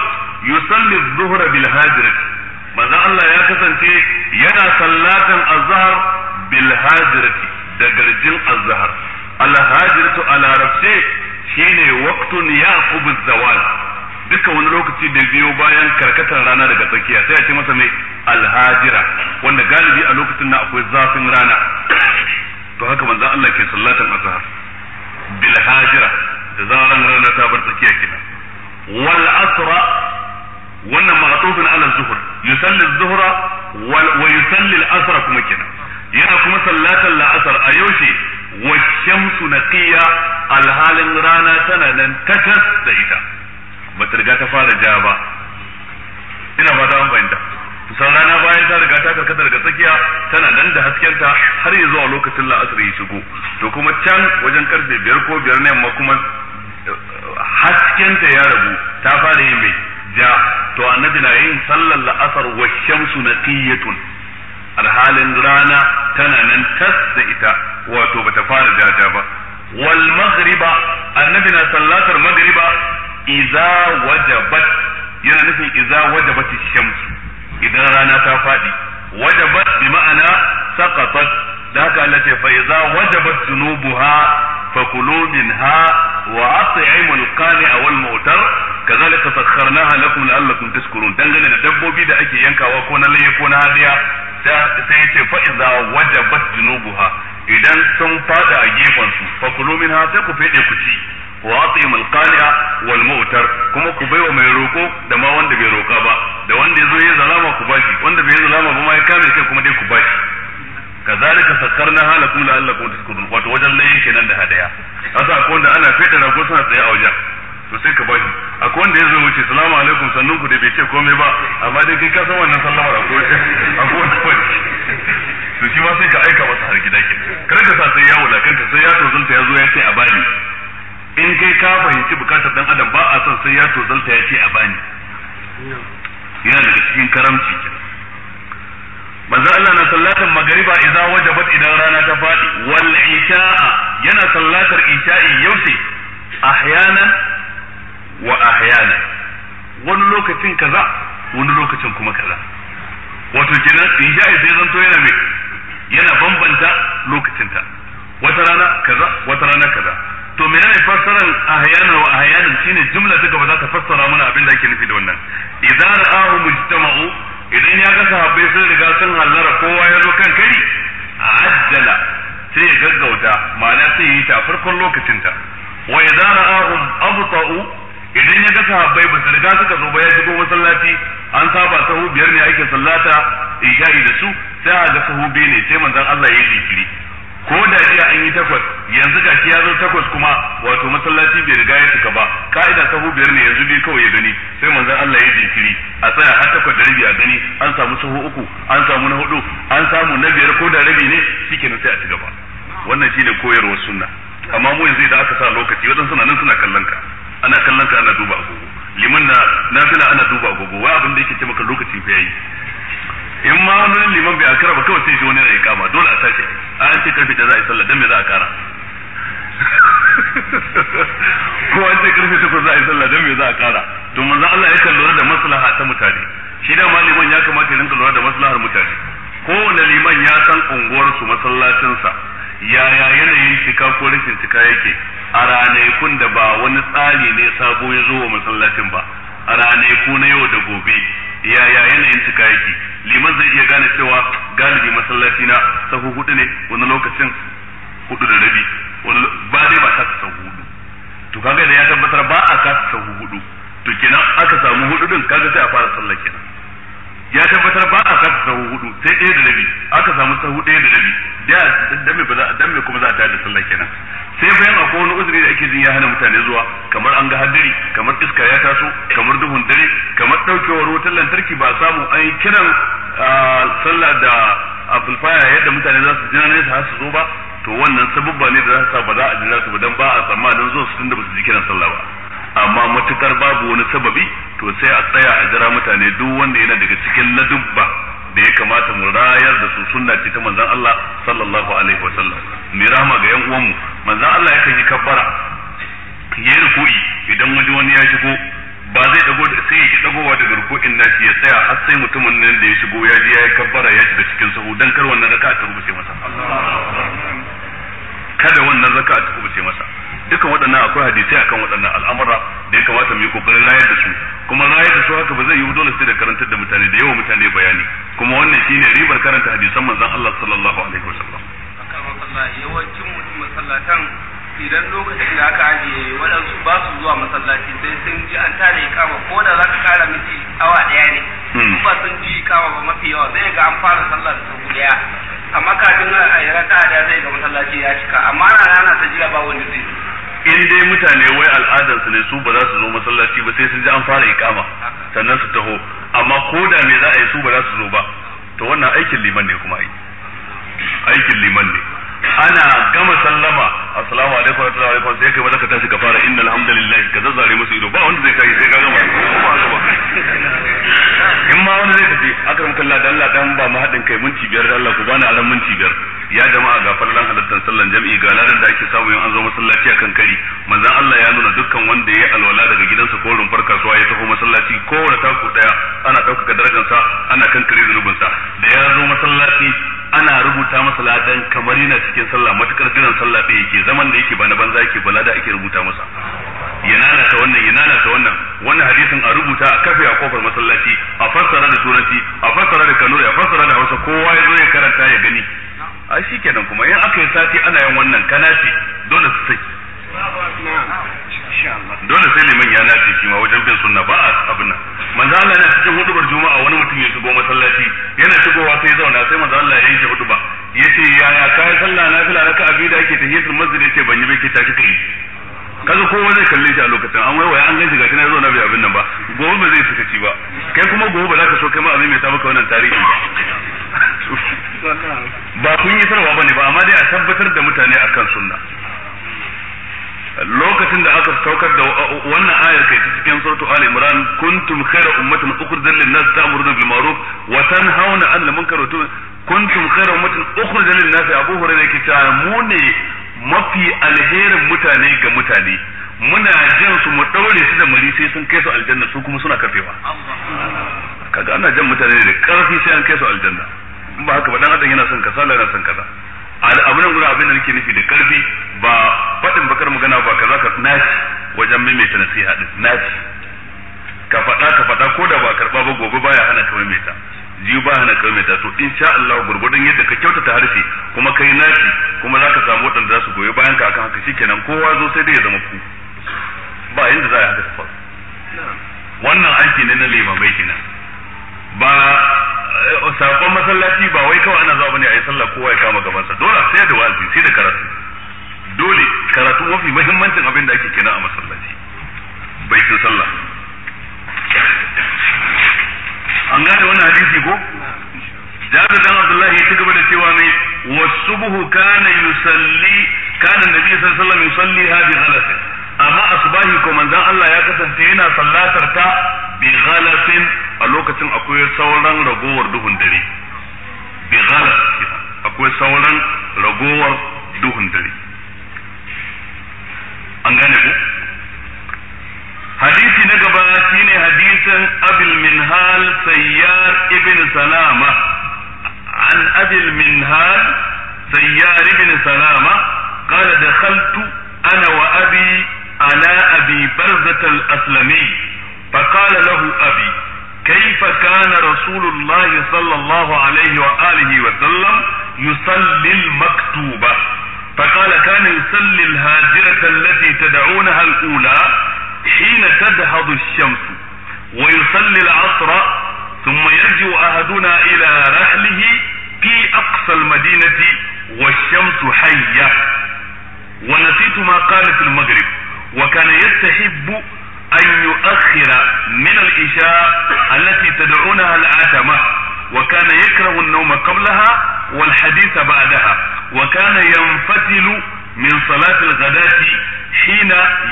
yusalli adh-dhuhra bil hajrat manzo Allah ya kasance yana sallatan azhar bil hajrat da garjin azhar al hajratu ala rafsi shine waqtun yaqub az-zawal duka wani lokaci da biyo bayan karkatar rana daga tsakiya sai a ce masa mai alhajira wanda galibi a lokacin na akwai zafin rana to haka manzon Allah ke sallatan azhar bil hajira da zaran rana ta bar tsakiya kina wal asra wannan ma'tufin ala zuhur yusalli zuhra wa yusalli al asra kuma kina yana kuma sallatan la asr a yaushe wa shamsu naqiya alhalin rana tana nan takas da ita ba ta riga ta fara ja ba ina fata an fahimta kusan rana bayan ta riga ta karkata daga tsakiya tana nan da haskenta har ya zuwa lokacin la'asar ya shigo to kuma can wajen karfe biyar ko biyar na yamma kuma eh, haskenta ya rabu ta fara yin mai ja to annabi na yin sallar la'asar wa shamsu tiyatun alhalin rana tana nan tas da ita wato bata fara jaja ba wal maghriba annabi na sallatar maghriba iza wajabat yana nufin iza wajabat shamsu idan rana ta faɗi wajabat bi ma'ana saqatat da haka Allah ce fa iza wajabat fa kulu minha wa at'imul qani'a wal mu'tar kazalika sakharnaha lakum la'allakum tashkurun dangane da dabbobi da ake yankawa ko na laye ko na hadiya sai ce fa iza wajabat junubuha idan sun fada a gefen su kulu minha sai ku fede ku ci wa القانع والمؤتر كما kuma ku baiwa mai بي da ma wanda bai يزو ba da wanda وند ya zalama ku bashi wanda bai zalama ba ma ya kame kai kuma dai ku bashi kazalika sakarna halakum la'allakum tashkurun wato wajen layin kenan da hadaya kasa ana fada rago tsaye a wajen to sai ka a da ya zo wuce salamu alaikum sannan ku da bai ce komai ba amma dai kai ka san wannan sallamar a akwai wani bashi shi ma sai ka aika masa har gida ke kar ka sa sai ya wulakanta sai ya tozunta ya zo ya ce a bani in kai ka fahimci bukatar dan adam ba a son sai ya tozalta ya ce a bani yana daga cikin karamci manzo Allah na sallatar magariba idan wajabat idan rana ta fadi wal isha yana sallatar isha'i yaushe ahyana wa ahyana. wani lokacin kaza wani lokacin kuma kaza wato kenan isha'i sai zanto yana mai yana bambanta lokacinta wata rana kaza wata rana kaza to menene fassaran ahyana wa ahyana shine jumla ta gaba za ta fassara mana abin da ake nufi da wannan idan ra'ahu mujtama'u idan ya ga sahabbai sun riga sun hallara kowa ya zo kan kari ajjala sai ya gaggauta ma'ana sai yi ta farkon lokacin ta wa idan ra'ahu abta'u idan ya ga sahabbai ba su riga suka zo ba ya shigo masallaci an saba sahu biyar ne ake sallata isha'i da su sai a ga sahu biyu ne sai manzon Allah ya yi jikiri ko da jiya an yi takwas yanzu ga shi ya zo takwas kuma wato masallaci bai riga ya cika ba ka'ida sahu biyar ne yanzu biyu kawai ya gani sai manzon Allah ya jinkiri a tsaya har takwas da rabi a gani an samu sahu uku an samu na hudu an samu na biyar ko da rabi ne shikenan sai a ci gaba wannan shine koyarwar sunna amma mu yanzu idan aka sa lokaci wadansu na nan suna kallon ka ana kallon ka ana duba agogo liman na nafila ana duba agogo wai abin da yake ce maka lokaci fa yayi in ma wani liman bai akara ba kawai sai shi wani ya kama dole a tashi a ce karfe da za a yi sallah dan me za a kara ko an ce karfe takwas za a yi sallah dan me za a kara to manzo Allah ya kallon da maslaha ta mutane shi da ma liman ya kamata ya rinka lura da maslahar mutane kowane liman ya san unguwar su masallacinsa yaya yanayin cika ko rashin cika yake a ranakun da ba wani tsari ne sabo ya zo wa masallacin ba a ranaku na yau da gobe ya yaya yanayin cika yake liman zai iya gane cewa galibi masallaci na sahu hudu ne wani lokacin hudu da rabi ba dai ba kasa sahu hudu to kaga da ya tabbatar ba a kasa sahu hudu to kenan aka samu hudu din kaga sai a fara sallah kenan ya tabbatar ba a kasa sahu hudu sai ɗaya da rabi aka samu sahu ɗaya da rabi da dan me ba za me kuma za a da sallah kenan sai bayan akwai wani uzuri da ake jin ya hana mutane zuwa kamar an ga hadari kamar iska ya taso kamar duhun dare kamar daukewar wutar lantarki ba samu an yi kiran sallah da abulfaya yadda mutane za su jina ne su su zo ba to wannan sabubba ne da za su sa ba za a jira su ba dan ba a tsammanin zuwa su tunda ba su ji kiran sallah ba matukar babu wani sababi to sai a tsaya a jira mutane duk wanda yana daga cikin ladubba da ya kamata mu rayar da su sunna ce ta manzon Allah sallallahu alaihi wa sallam mai rahama ga yan uwanmu manzon Allah ya kai kabbara yayi ruku'i idan waje wani ya shigo ba zai dago da sai ya dagowa daga ruku'in nashi ya tsaya har sai mutumin nan da ya shigo ya ji ya yi kabbara ya shiga cikin sahu dan kar wannan raka'a ta rubuce masa kada wannan raka'a ta rubuce masa dukan waɗannan akwai hadisai akan waɗannan al'amura da ya kamata mu yi kokarin rayar da su kuma rayar da su haka ba zai yi dole sai da karantar da mutane da yawa mutane bayani kuma wannan shine ribar karanta hadisan manzon Allah sallallahu alaihi wasallam yawancin mutum masallatan idan lokacin da aka ajiye waɗansu ba su zuwa masallaci sai sun ji an tare kama ko da za ka kara miki awa ɗaya ne su hmm. ba sun ji kama ba mafi yawa zai ga an fara sallar da ɗaya amma kafin a yi raka'a da zai ga masallaci ya cika amma rana na ta jira ba wani zai in dai mutane wai al'adar su ne su ba za su zo masallaci ba sai sun ji an fara ikama sannan su taho amma ko da me za a yi su ba za su zo ba to wannan aikin liman ne kuma ai aikin liman ne ana gama sallama assalamu alaikum wa rahmatullahi wa sai kai maza ka tashi ka fara innal hamdalillah ka zazzare musu ido ba wanda zai kai sai ka gama in ma wani zai tafi akram kallah da Allah dan ba mu haɗin kai mun biyar da Allah ku bani aran minti biyar ya jama'a ga fallan halattan sallan jami'i ga ladan da ake samu yin an zo masallaci akan kari manzon Allah ya nuna dukkan wanda ya yi alwala daga gidansa ko rumfar kasuwa ya taho masallaci kowane taku daya ana ɗaukaka darajarsa ana kankare zunubinsa da ya zo masallaci ana rubuta masa ladan kamar yana cikin sallah matukar jiran sallah ɗaya yake zaman da yake ba na banza yake ba lada ake rubuta masa ya ta wannan ya ta wannan wannan hadisin a rubuta a kafe a kofar masallaci a fassara da turanci a fassara da kanuri a fassara da hausa kowa ya zo ya karanta ya gani a shi kenan kuma in aka yi sati ana yin wannan kanafi dole su sai dole sai neman ya nace shi ma wajen bin sunna ba a abin nan manzo Allah yana cikin hudubar juma'a wani mutum ya shigo masallaci yana shigowa sai zauna sai manzo Allah ya yi huduba yace yaya kai sallah na fila raka'a abi da yake tahiyatul masjid yace ban yi ba ke tashi kai kaza kowa zai kalle shi a lokacin an waiwaye an gaji gashi na zo na bai abin nan ba gobe ba zai fita ci ba kai kuma gobe ba za ka so kai ma abin mai ta wannan tarihi ba kun yi sarwa bane ba amma dai a tabbatar da mutane akan sunna lokacin da aka saukar da wannan ayar kai ta cikin suratu Ali Imran kuntum khayra ummatin ukhrijat lin-nas ta'muruna bil ma'ruf wa tanhauna 'anil munkar wa kuntum khayra ummatin ukhrijat lin-nas Abu Hurairah yake cewa mu ne mafi alherin mutane ga mutane muna jan su mu daure su da mari sai sun kai su aljanna su kuma suna kafewa kaga ana jan mutane da karfi sai an kai su aljanna in ba haka ba dan adam yana son kasala yana son kaza abu nan guda abin da nake nufi da karfi ba faɗin bakar magana ba kaza ka naci wajen maimaita nasiha din naci ka faɗa ka faɗa ko da ba karɓa ba gobe baya hana ka maimaita jiyu ba hana ka maimaita to insha Allah gurgurdan yadda ka kyautata harshe kuma kai naci kuma zaka samu waɗanda za su goyi bayan ka akan haka shikenan kowa zo sai dai ya zama ku ba yanda za a haka ta wannan aiki ne na limamai kenan ba eh, sakon masallaci ba wai kawai ana zuwa bane a yi sallah kowa ya kama gabansa dole sai da wa'azi sai da karatu dole karatu mafi muhimmancin abin da ake kina a masallaci bai sun sallah an gane wannan hadisi ko jabir dan Abdullahi ya gaba da cewa mai wasubuhu kana yusalli kana nabi sallallahu alaihi wasallam yusalli hadi ghalas amma asbahi ko manzon Allah ya kasance yana sallatar ta bi ghalasin a lokacin akwai sauran ragowar duhun dare bi gala akwai sauran ragowar duhun dare an gane ku hadisi na gaba shine hadisin abil minhal sayyar ibn salama an abil minhal sayyar ibn salama قال دخلت انا وابي على ابي برزه الاسلمي فقال له أبي كيف كان رسول الله صلى الله عليه وآله وسلم يصلي المكتوبة فقال كان يصلي الهاجرة التي تدعونها الأولى حين تدهض الشمس ويصلي العصر ثم يرجع أحدنا إلى رحله في أقصى المدينة والشمس حية ونسيت ما قال في المغرب وكان يستحب أن يؤخر من العشاء التي تدعونها العتمة وكان يكره النوم قبلها والحديث بعدها وكان ينفتل من صلاة الغداة حين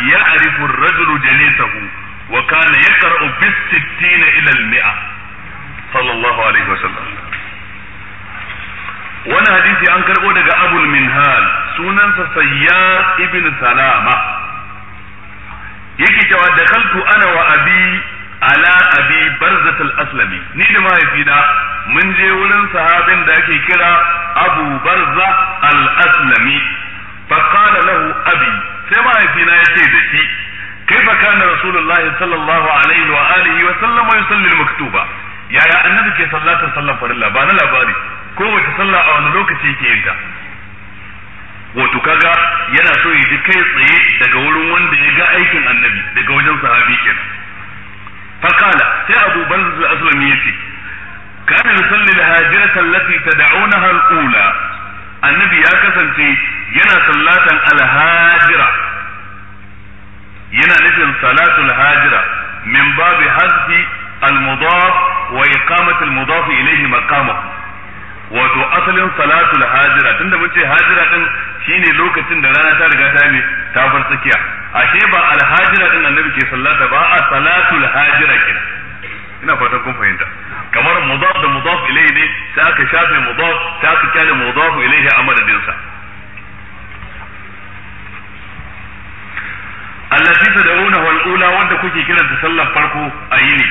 يعرف الرجل جليسه وكان يقرأ بالستين إلى المئة صلى الله عليه وسلم wani hadisi an karɓo daga abul minhal sunansa sayyar ibn salama yake cewa da kaltu ana wa abi ala abi barzatul aslami ni da mahaifina mun je wurin sahabin da ake kira abu barza al aslami fa qala lahu abi sai mahaifina ya ce da shi kaifa kana rasulullahi sallallahu alaihi wa alihi wa sallam yusalli al maktuba yaya annabi ke sallatar sallan farilla ba na labari kowace sallah a wani lokaci yake yinta. wato kaga yana so ya ji kai tsaye daga wurin wanda ya ga aikin annabi daga wajen sahabi kenan fakala sai abu banzu ya ce. kana yusalli al-hajirata allati tad'unaha al-ula annabi ya kasance yana sallatan al-hajira yana nufin salatul hajira min babu hazfi al-mudaf wa iqamati al-mudaf ilayhi maqamahu wato asalin salatul hajira tunda mun ce hajira din shine lokacin da rana ta riga ta yi ta bar tsakiya ashe ba hajira din annabi ke sallata ba a salatul hajira kin ina fatan kun fahimta kamar mudaf da mudaf ilayhi ne sai aka shafe mudaf sai aka kyale mudaf ilayhi a madadin sa allati tad'una wal ula wanda kuke kiranta sallar farko a yini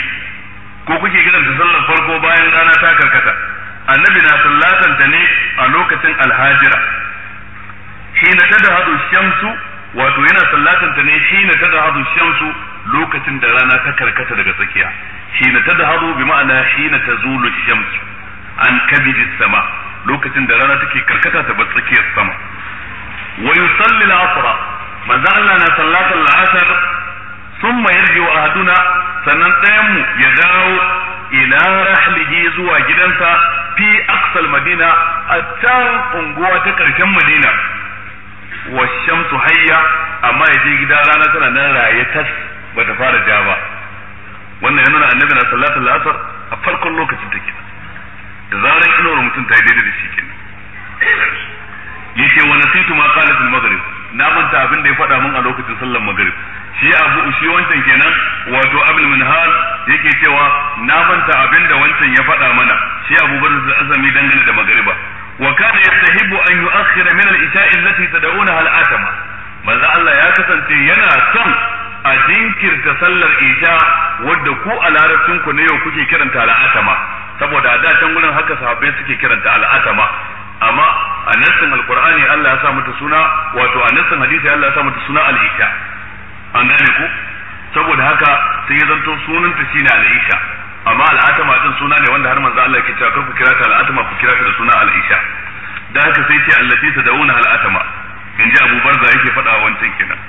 ko kuke kiranta sallar farko bayan rana ta karkata annabi na sallatan ta ne a lokacin alhajira shi na ta da hadu shamsu wato yana sallatan ta ne shi na ta da hadu shamsu lokacin da rana ta karkata daga tsakiya shi na ta da hadu bi ma'ana shi na ta zulu shamsu an kabidi sama lokacin da rana take karkata ta bar tsakiyar sama wa yusalli al-asra manzo Allah na sallatan al-asr thumma yarji'u ahaduna sannan ɗayan mu ya dawo ila rahlihi zuwa gidansa fi aqsal madina a can unguwa ta karshen madina wa shamsu hayya amma ya je gida rana tana na raye tas bata fara ja ba wannan yana annabi na salatul asr a farkon lokacin take da zaran inuwar mutum ta yi daidai da shi kenan yace wa nasitu ma qalat al maghrib na manta abin da ya faɗa min a lokacin sallar magrib shi abu shi wancan kenan wato abul minhal yake cewa na manta abin da wancan ya faɗa mana shi abu da azami dangane da magriba wa kana yastahibu an yu'akhkhira min al-isha'i allati tad'unaha al-atama manzo Allah ya kasance yana son a jinkirta sallar isha wadda ku a larabcin ku ne yau kuke kiranta al'atama saboda a da can gurin haka sahabbai suke kiranta al'atama amma a nassin alqur'ani Allah ya sa mata suna wato a nassin hadisi Allah ya sa mata suna al'isha. isha an gane ku saboda haka sai ya zanto sunanta shine al-isha amma al'atama atama din suna ne wanda har manzo Allah yake cewa kar ku kira ta al'atama ku kira ta da suna al'isha. isha dan haka sai ce allati tad'una al-atama inji Abu Barza yake faɗa wancan kenan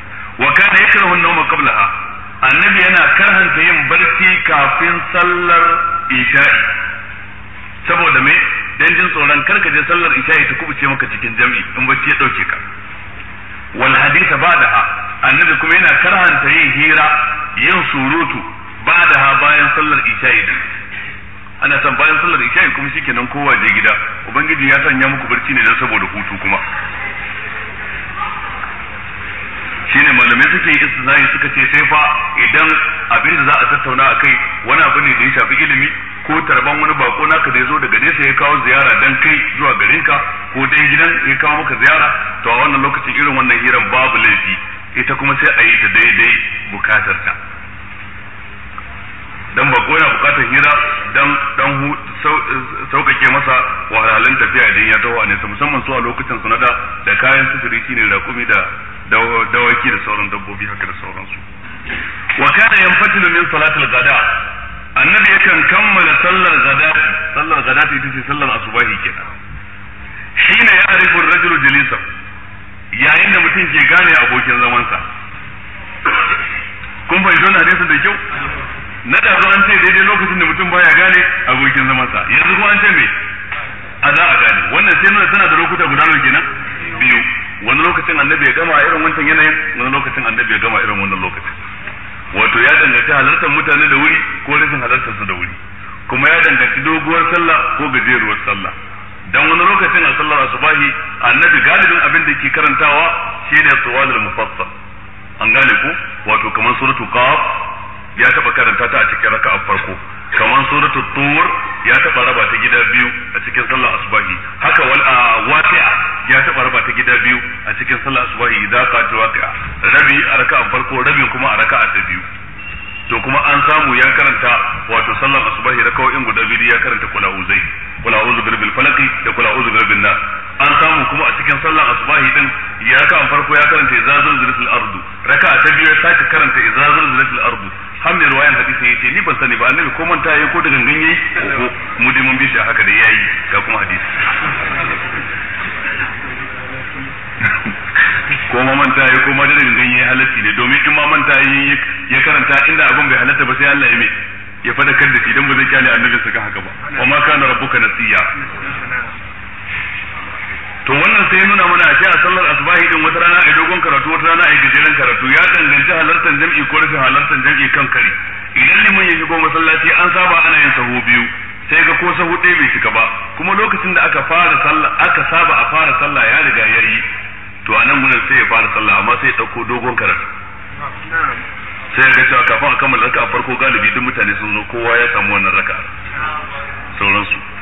wa kana yakrahu an-nawma qablaha annabi yana karhanta yin barci kafin sallar isha'i saboda me dan jin tsoron kar ka je sallar isha'i ta kubuce maka cikin jami'i in bacci ya dauke ka wal hadisa ba'daha annabi kuma yana karhanta yin hira yin surutu ba'daha bayan sallar isha'i ana san bayan sallar isha'i kuma shikenan kowa je gida ubangiji ya sanya muku barci ne dan saboda hutu kuma shine malamai suke yi istisnai suka ce sai fa idan abin da za a tattauna akai wani abu ne da ya shafi ilimi ko tarban wani bako naka da ya zo daga nesa ya kawo ziyara dan kai zuwa garin ka ko dan gidan ya kawo maka ziyara to a wannan lokacin irin wannan hirar babu laifi ita kuma sai a yi ta daidai bukatar ta dan bako yana bukatar hira dan dan sauƙaƙe masa wahalhalun tafiya idan ya taho a nesa musamman zuwa lokacin sanada da kayan sufuri shine rakumi da dawaki da sauran dabbobi haka da sauransu wa kana yanfatilu min salatil gada annabi yakan kammala sallar gada sallar gada ta ita ce sallar asubahi kenan shine ya arifu rajulu jalisa yayin da mutum ke gane abokin zamansa kun fahimci wannan hadisin da kyau na da an ce daidai lokacin da mutum baya gane abokin zamansa yanzu kuma an ce me a za a gane wannan sai nuna tana da lokuta guda nawa kenan biyu wani lokacin annabi ya gama irin wancan yanayin wani lokacin annabi ya gama irin wannan lokacin wato ya danganci halartar mutane da wuri ko rashin halartar su da wuri kuma ya danganci doguwar sallah ko gajeruwar sallah dan wani lokacin a sallar asubahi annabi galibin abin da ke karantawa shine tawalul mufassal an gane ko wato kamar suratul qaf ya taba karanta ta a cikin raka'a farko kamar suratu tur ya taɓa raba ta gida biyu a cikin sallar asbahi haka wal waqi'a ya taɓa raba ta gida biyu a cikin sallar asbahi idan ka ta waqi'a rabi a raka'an farko rabi kuma a raka'a ta biyu to kuma an samu ya karanta wato sallar asbahi raka'o'in guda biyu ya karanta kula uzai kula uzu birbil falaqi da kula uzu birbin nas an samu kuma a cikin sallar asbahi din ya ka farko ya karanta izazul zilfil ardu raka'a ta biyu ya sake karanta izazul zilfil ardu har mai ruwayan ya ce ni ban sani ba annabi ko manta yayi ko da gangan yayi ko mu dai mun bi shi haka da yayi ga kuma hadisi ko ma manta yayi ko ma da gangan yayi halatti ne domin in ma manta yayi ya karanta inda abin bai halatta ba sai Allah ya mai ya kan da shi dan ba zai kyale annabinsa ka haka ba wa ma kana rabbuka nasiya to wannan sai nuna mana a a sallar asubahi din wata rana a dogon karatu wata rana a gajeren karatu ya danganci halartar jam'i ko rashin halartar jam'i kan kare idan liman ya shigo masallaci an saba ana yin sahu biyu sai ga ko sahu ɗaya bai cika ba kuma lokacin da aka fara sallah aka saba a fara sallah ya riga ya yi to a nan gudun sai ya fara sallah amma sai ya ɗauko dogon karatu sai ga cewa kafin a kammala raka a farko galibi duk mutane sun zo kowa ya samu wannan raka sauransu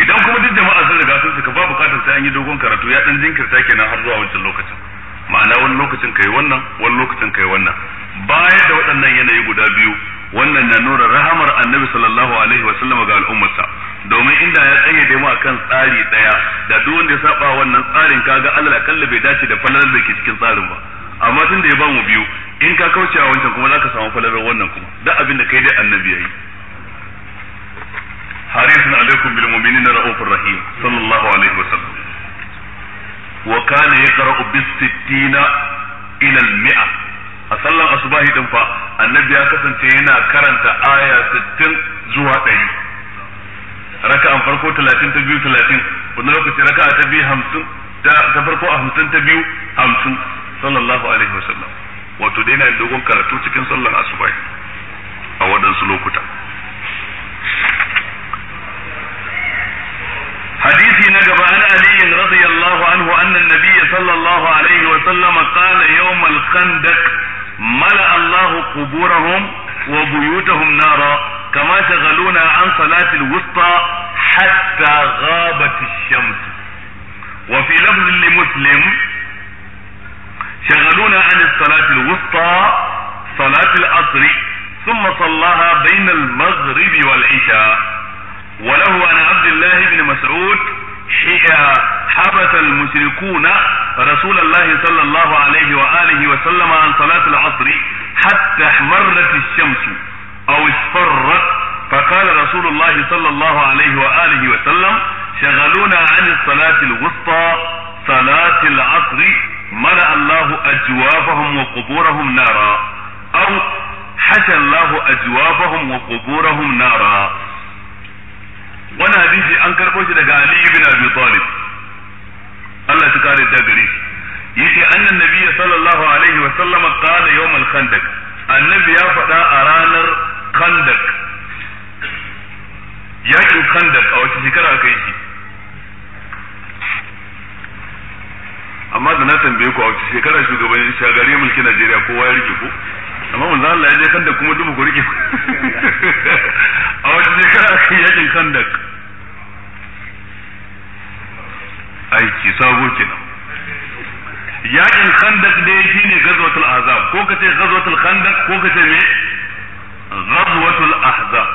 idan kuma duk jama'a sun riga sun suka ba bukatar sai an yi dogon karatu ya dan jinkirta kenan har zuwa wancan lokacin ma'ana wani lokacin kai wannan wani lokacin kai wannan baya da waɗannan yanayi guda biyu wannan na nuna rahamar annabi sallallahu alaihi wa sallam ga al'ummarsa domin inda ya da mu akan tsari daya da duk wanda ya saba wannan tsarin kaga Allah kalla bai dace da falalar da ke cikin tsarin ba amma tunda ya ba mu biyu in ka kauce wa wancan kuma zaka samu falalar wannan kuma duk abin da kai dai annabi yayi harisun alaikum bil mu'minina ra'ufur rahim sallallahu alaihi wa sallam wa kana yaqra'u bis sittina ila al mi'a a sallan asubahi din fa annabi ya kasance yana karanta aya 60 zuwa 100 raka'an farko 30 ta biyu 30 wani lokaci raka'a ta biyu 50 ta farko ta biyu 50 sallallahu alaihi wa wato dai yana dogon karatu cikin sallan asubahi a waɗansu lokuta حديثي نجب عن علي رضي الله عنه أن النبي صلى الله عليه وسلم قال يوم الخندق ملأ الله قبورهم وبيوتهم نارا كما شغلونا عن صلاة الوسطى حتى غابت الشمس وفي لفظ لمسلم شغلونا عن الصلاة الوسطى صلاة العصر ثم صلاها بين المغرب والعشاء وله عن عبد الله بن مسعود حبس المشركون رسول الله صلى الله عليه وآله وسلم عن صلاة العصر حتى احمرت الشمس أو اصفرت فقال رسول الله صلى الله عليه وآله وسلم شغلونا عن الصلاة الوسطى صلاة العصر ملأ الله أجوافهم وقبورهم نارا أو حشى الله أجوافهم وقبورهم نارا wani hadisi an karɓo shi daga Ali ibn Abi Talib Allah ya kare ta gare shi yace annan nabiyyi sallallahu alaihi wa sallama qala yawm al-khandaq annabi ya faɗa a ranar khandaq Yaƙin khandaq a wace shekara aka yi shi amma da na tambaye ku a wace shekara shugaban shagari mulkin Najeriya kowa ya rike ko amma mun zalla ya je da kuma dubu ku rike a wata shekara kan yakin kandak aiki sabo kenan yakin da dai ne gazwatul ahzab ko kace gazwatul kandak ko kace me gazwatul ahzab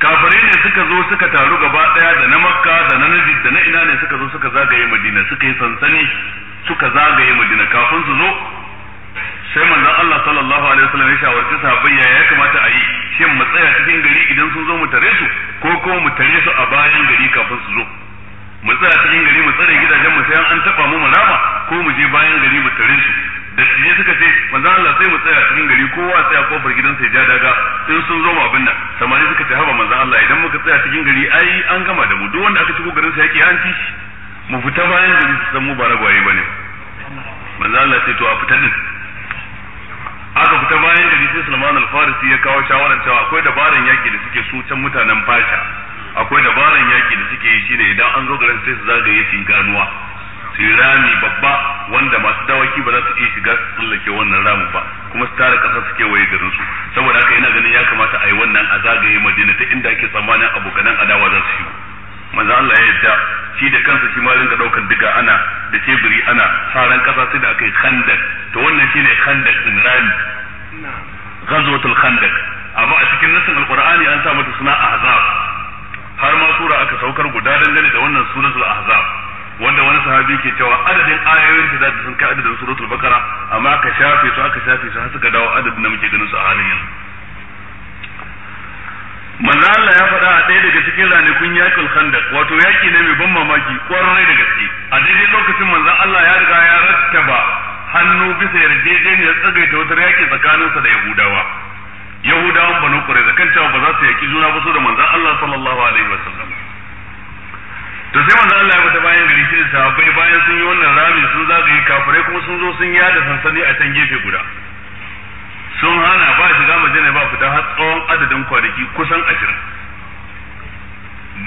kafirai ne suka zo suka taru gaba daya da na makka da na najd da na ina ne suka zo suka zagaye madina suka yi sansani suka zagaye madina kafin su zo sai manzon Allah sallallahu alaihi wasallam ya shawarci sahabbai ya kamata a yi shin mu tsaya cikin gari idan sun zo mu tare su ko kuma mu tare su a bayan gari kafin su zo mu tsaya cikin gari mu tsare gidajen mu sai an taba mu mu ko mu je bayan gari mu tare su da shi suka ce manzo Allah sai mu tsaya cikin gari kowa a kofar gidansa ya ja daga in sun zo abin binna samari suka ce haba manzo Allah idan muka tsaya cikin gari ai an gama da mu duk wanda aka shigo garin sa yake an ci mu fita bayan gari su san mu ba ragwaye bane manzo Allah sai to a fitar din aka fita bayan gari sai Salman al-Farisi ya kawo shawaran cewa akwai dabaran yaki da suke su can mutanen Fasha akwai dabaran yaki da suke yi shine idan an zo garin sai su zagaye cin ganuwa su rami babba wanda masu dawaki ba za su iya shiga su tsallake wannan ramin ba kuma su tara kasa suke waye garin su saboda haka ina ganin ya kamata a yi wannan a zagaye Madina ta inda ake tsammanin abokanan adawa za su shigo manzo Allah ya yadda shi da kansa shi ma rinka daukar diga ana da teburi ana saran kasa sai da aka yi khandak to wannan shine khandak din rani ghazwatul khandak amma a cikin nassin alqur'ani an sa mata suna ahzab har ma sura aka saukar guda dangane da wannan suratul ahzab wanda wani sahabi ke cewa adadin ayoyin da sun kai adadin suratul bakara amma aka shafe su aka shafe su har suka dawo adadin da muke ganin su a halin yanzu manzo Allah ya faɗa a ɗaya daga cikin ranakun yakul khandaq wato yaki ne mai ban mamaki kwarai da gaske a daidai lokacin manzo Allah ya riga ya rattaba hannu bisa yarjejeniyar tsagaita wutar yaki tsakaninsa da Yahudawa Yahudawan banu Qurayza kan cewa ba za su yaki juna ba su da manzo Allah sallallahu alaihi sallam to sai manzo Allah ya bata bayan gari shi da sahabbai bayan sun yi wannan rami sun zagaye kafirai kuma sun zo sun yada sansani a can gefe guda sun hana ba shi shiga madina ba fita har tsawon adadin kwanaki kusan ashirin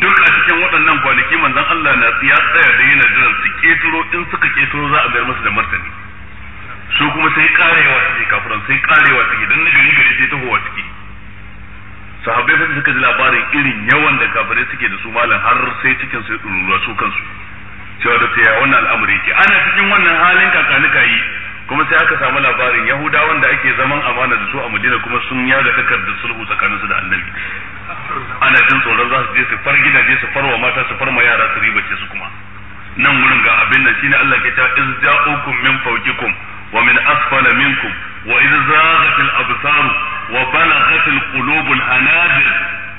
duk a cikin waɗannan kwanaki manzon Allah na ya tsaya da yana jiran su ketoro in suka ketoro za a bayar masa da martani su kuma sai karewa suke kafiran sai karewa suke dan na gari gari sai tahowa suke sahabbai fa suka ji labarin irin yawan da kafirai suke da su malam har sai cikin su ya su kansu cewa da ta wannan al'amari yake ana cikin wannan halin kakanika yi kuma sai aka samu labarin yahudawan da ake zaman amana da su a madina kuma sun yaga takardar sulhu tsakanin su da annabi ana jin tsoron za su je su far gidaje su farwa mata su farma yara su ribace su kuma nan wurin ga abin nan shine Allah ke ta iz ja'ukum min fawqikum wa min asfala minkum wa iz zaghat al absar wa balaghat al qulub al hanajir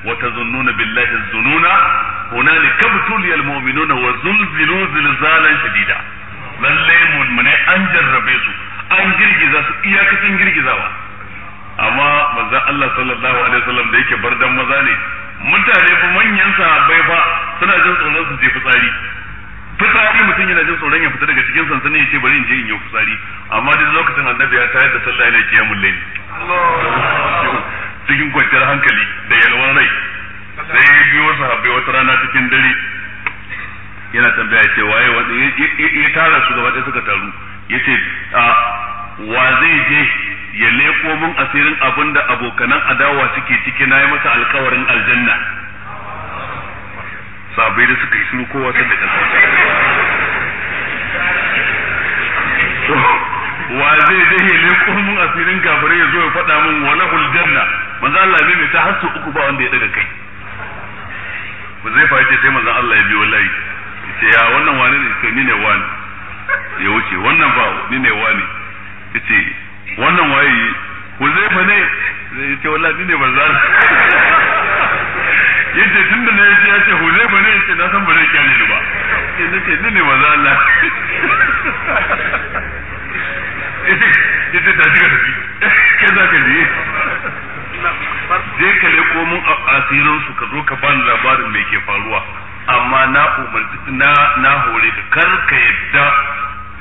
wa tazunnuna billahi az-zununa hunalika btuliya mu'minuna wa zulzilu zilzalan shadida lallai ne an jarrabe su an girgiza su iyakacin girgizawa amma manzon Allah sallallahu alaihi wasallam da yake dan maza ne mutane fa manyan sahabbai fa suna jin tsoron su je fitsari fitsari mutum yana jin tsoron ya fita daga cikin sansanin yace bari in je in yi fitsari amma duk lokacin annabi ya tayar da sallah yana kiyamul layl cikin kwanciyar hankali da yalwar rai sai biyo sahabbai wata rana cikin dare yana tambaya ce waye wanda ya tara su gaba ɗaya suka taru yace a wa zai je ya leko mun asirin abinda abokanan adawa suke ciki na yi masa alkawarin aljanna sabai da suka yi shiru kowa sun da kasa wa zai je ya leko mun asirin gafare ya zo ya faɗa min wa lahul janna manzo Allah ne mai ta hasu uku ba wanda ya daga kai ba zai fa sai manzo Allah ya biyo layi ce ya wannan wani ne ce ni ne wani ya wuce wannan ba ni ne wani ya ce wannan waye ku zai fa ne zai ce wallahi ni ne su zan ce tun da ya ce ya ce huzai ne ne ce na san ba zai kyale ni ba ce ni ne maza Allah yace ta shiga tafi ke za ka je je ka leko mun asirin su ka zo ka bani labarin mai ke faruwa amma na umarci na na hore ka kar ka yadda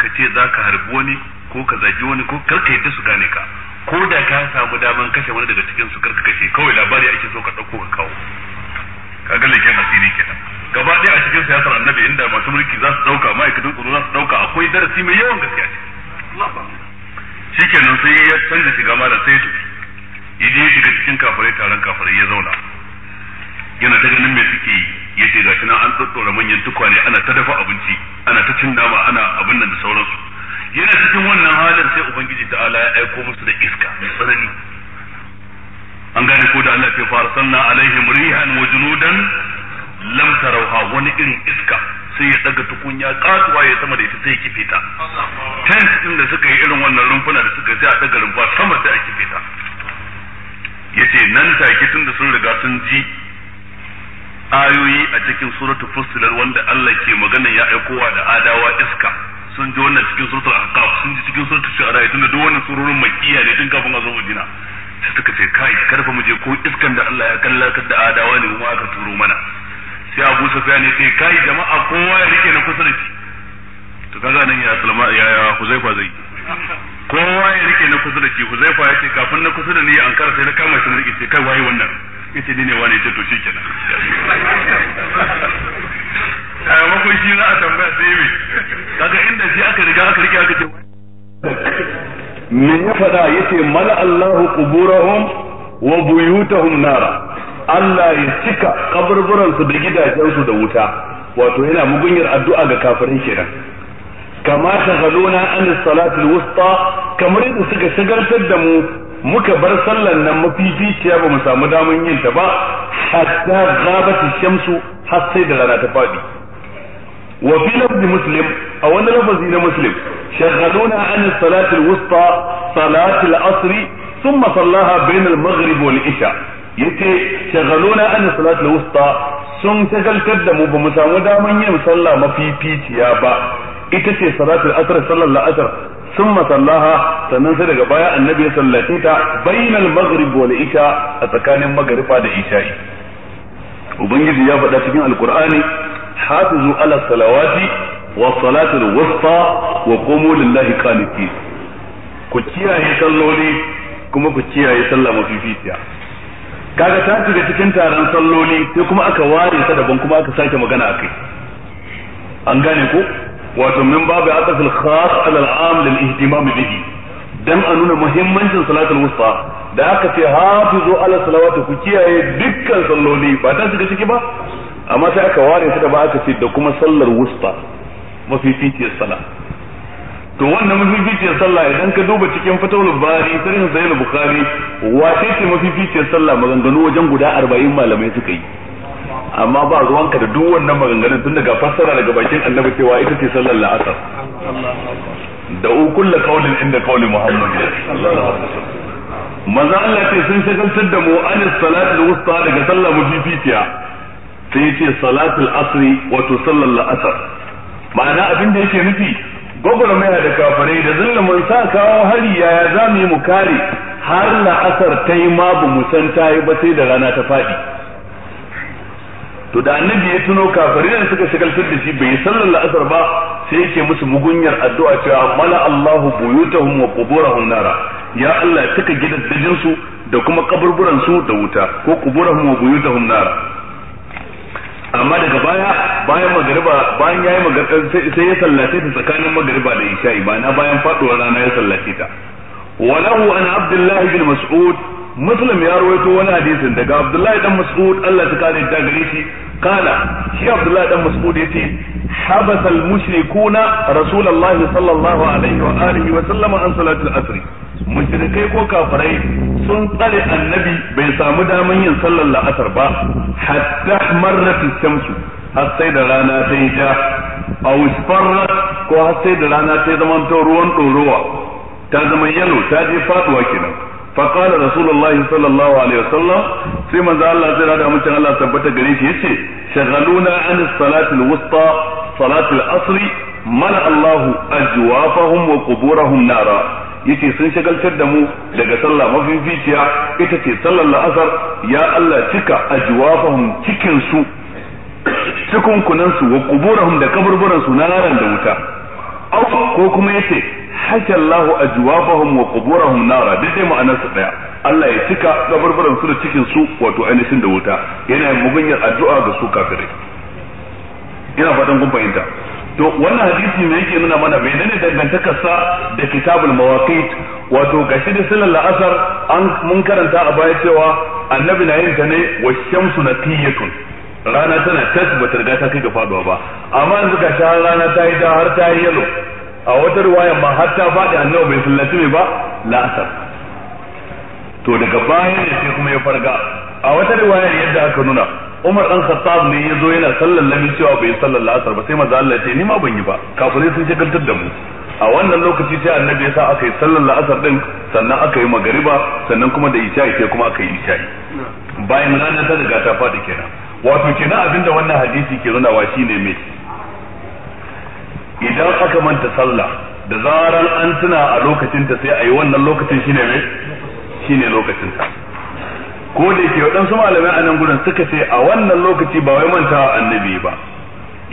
ka ce za ka harbi wani ko ka zagi wani ko kar ka yadda su gane ka ko da ka samu daman kashe wani daga cikin su kar ka kashe kawai labari ake so ka dauko ka kawo ka ga leken asiri kenan gaba ɗaya a cikin siyasar annabi inda masu mulki za su dauka ma'aikatan tsaro za su dauka akwai darasi mai yawan gaskiya ce shikenan sai ya canza shiga malam sai tafi idan ya shiga cikin kafirai taron kafirai ya zauna yana ta ganin me suke yi yace gashi nan an tsotsora manyan tukwane ana ta dafa abinci ana ta cin nama ana abin nan da sauransu yana cikin wannan halin sai ubangiji ala ya aiko musu da iska mai tsanani an gane ko da Allah ya fara sanna alaihim rihan wa junudan lam tarauha wani irin iska sai ya daga tukunya katuwa ya sama da ita sai ya kife ta tent din da suka yi irin wannan rumfuna da suka sai a daga rumfa sama sai a kife ta yace nan take tun da sun riga sun ji ayoyi a cikin suratul fussilar wanda Allah ke magana ya aikowa da adawa iska sun ji wannan cikin suratul ahqaf sun ji cikin suratul shu'ara idan da wannan surorin makkiya ne tun kafin a zo Madina sai suka ce kai karfa mu je ko iskan da Allah ya kallaka da adawa ne kuma aka turo mana sai Abu Sufyan ya ce kai jama'a kowa ya rike na kusa da shi to kaga nan ya salama ya ya Huzaifa zai kowa ya rike na kusa da shi Huzaifa ya ce kafin na kusa da ni an kara sai na kama shi na rike sai kai waye wannan kace ne wani ce to shi kenan a makon shi za a tambaya sai mai kaga inda shi aka riga aka rike aka ce me ya faɗa ce, mala Allahu kuburahum wa buyutahum nara Allah ya cika kaburburansu da gidajensu da wuta wato yana mugunyar addu'a ga kafirin kenan kama shagaluna an salatul wusta kamar yadda suka shigar da mu muka bar sallan nan mafificiya ba mu samu daman yin ta ba hatta ghabati shamsu har sai da rana ta fadi wa fi lafzi muslim a wani lafazi na muslim shaghaluna an salati al-wusta salati al-asr thumma sallaha bain al-maghrib wal isha yace shaghaluna an salati al-wusta sun shagaltar da mu ba mu samu daman yin sallah mafificiya ba ita ce salatul asr sallar la'asar sun masallaha sannan sai daga baya annabi ya sallace ta bainal maghrib wal isha a tsakanin magarifa da isha'i ubangiji ya faɗa cikin alqur'ani hafizu ala salawati wa salatul wusta wa qumu lillahi qanitin ku kiyaye salloli kuma ku kiyaye sallah mafificiya kaga ta shiga cikin taron salloli sai kuma aka ware ta daban kuma aka sake magana akai an gane ko wato min babu aqsal khas ala da am lil bihi dan a nuna muhimmancin salatul wusta da aka ce hafizu ala salawati ku kiyaye dukkan salloli ba ta shiga ciki ba amma sai aka ware ta da ba aka ce da kuma sallar wusta fitiyar sala to wannan mafi fitiyar sallah idan ka duba cikin fatawul bari sarihin sahih bukhari wace ce mafificiyar sallah maganganu wajen guda 40 malamai suka yi amma ba ruwanka da duk wannan maganganun tun daga fassara daga bakin annabi cewa ita ce sallar la'asar da da kaulin inda kaulin muhammadu maza Allah ce sun shagaltar da mu an salatul wusta daga sallar mufificiya sai ya ce salatul asri wato sallar la'asar ma'ana abin da yake nufi maya da kafirai da mun sa kawo hari yaya za mu yi mu kare har la'asar ta yi ma ba mu san ta yi ba sai da rana ta faɗi to da annabi ya tuno kafirin suka shigar da shi bai sallar la'asar ba sai yake musu mugunyar addu'a cewa mala Allahu buyutahum wa quburahum nara ya Allah tuka gidaddajin su da kuma kaburburan su da wuta ko quburahum wa buyutahum nara amma daga baya bayan magariba bayan yayi magariba sai ya sallace ta tsakanin magariba da isha'i ba bayan faduwar rana ya sallace ta Walahu lahu Abdullahi abdullahi bin mas'ud muslim ya rawaito wani hadisin daga abdullahi dan mas'ud Allah ta kare ta gare shi kana shi abdullahi dan mas'ud yace habasa al mushrikuna rasulullahi sallallahu alaihi wa alihi wa sallama an salatul mushrikai ko kafirai sun tsare annabi bai samu daman yin sallar la'asar ba hatta marrat shamsu har sai da rana ta yi ja a usfarrat ko har sai da rana ta zama ruwan ɗorowa ta zama yalo ta je faduwa kenan فقال رسول الله صلى الله عليه وسلم sai manzo Allah sai da amincin Allah tabbata gare shi yace shagaluna an salati alwusta salati al mana Allahu Allah ajwafahum wa quburahum nara sun shagaltar da mu daga sallah mafificiya ita ce sallar la'asar ya Allah cika ajwafahum cikin su cikin da kaburburan su naran da wuta ko kuma yace haka Allahu ajwabahum wa quburahum nara duk dai ma'anar su daya Allah ya cika gabarbaran su da cikin su wato ainihin da wuta yana mugunyar addu'a ga su kafirai ina fatan kun fahimta to wannan hadisi ne yake nuna mana dangantaka dangantakarsa da kitabul mawaqit wato gashi da sallar la'asar an mun karanta a baya cewa annabi na yin ta ne wa shamsu natiyatun rana tana tas bata ta riga ta kai ga faduwa ba amma yanzu ga rana ta yi da har ta yi yalo a wata ruwaya ma har ta faɗi annabi bai sallaci ne ba la'asar to daga bayan ne sai kuma ya farga a wata riwayar yadda aka nuna Umar dan Khattab ne ya zo yana sallan lamin cewa bai sallan la'asar ba sai manzo Allah ya ce ni ma ban yi ba kafirai sun shagaltar da mu a wannan lokaci sai annabi ya sa aka yi sallan la'asar din sannan aka yi magariba sannan kuma da isha'i sai kuma aka yi isha'i bayan ranar ta riga ta faɗi kenan wato kenan abinda wannan hadisi ke nunawa shine mai idan aka manta sallah da zaran an tuna a lokacin ta sai a yi wannan lokacin shine mai shine lokacin ta ko da yake waɗansu malamai a nan gurin suka ce a wannan lokaci ba wai mantawa annabi ba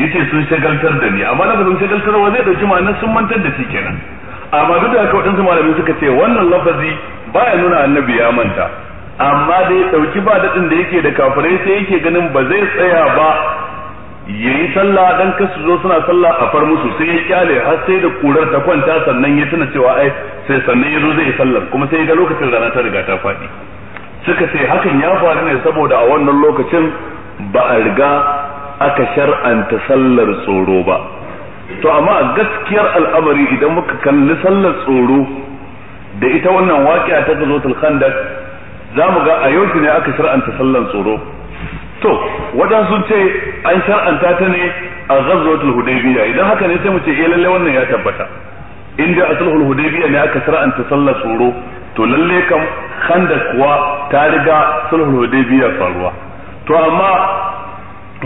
yace sun shagaltar da ni amma na sun shagaltar wa zai dauki ma'anar sun mantar da shi kenan amma duk da haka waɗansu malamai suka ce wannan lafazi baya nuna annabi ya manta amma dai dauki ba daɗin da yake da kafirai sai yake ganin ba zai tsaya ba yayi sallah dan kasu zo suna sallah a far musu sai ya kyale har sai da kurar ta kwanta sannan ya tuna cewa ai sai sannan ya zo zai sallah kuma sai ya ga lokacin rana ta riga ta faɗi suka ce hakan ya faru ne saboda a wannan lokacin ba a riga aka shar'anta sallar tsoro ba to amma a gaskiyar al'amari idan muka kalli sallar tsoro da ita wannan waƙiya ta zo tulkhandak za mu ga a yau ne aka shar'anta sallar tsoro to wadan sun ce an shar'anta ta ne a ghazwatul hudaybiya idan haka ne sai mu ce eh lalle wannan ya tabbata inda asulhul hudaybiya ne aka shar'anta sallar tsoro to lalle kam khandak kuwa ta riga sulhul hudaybiya faruwa to amma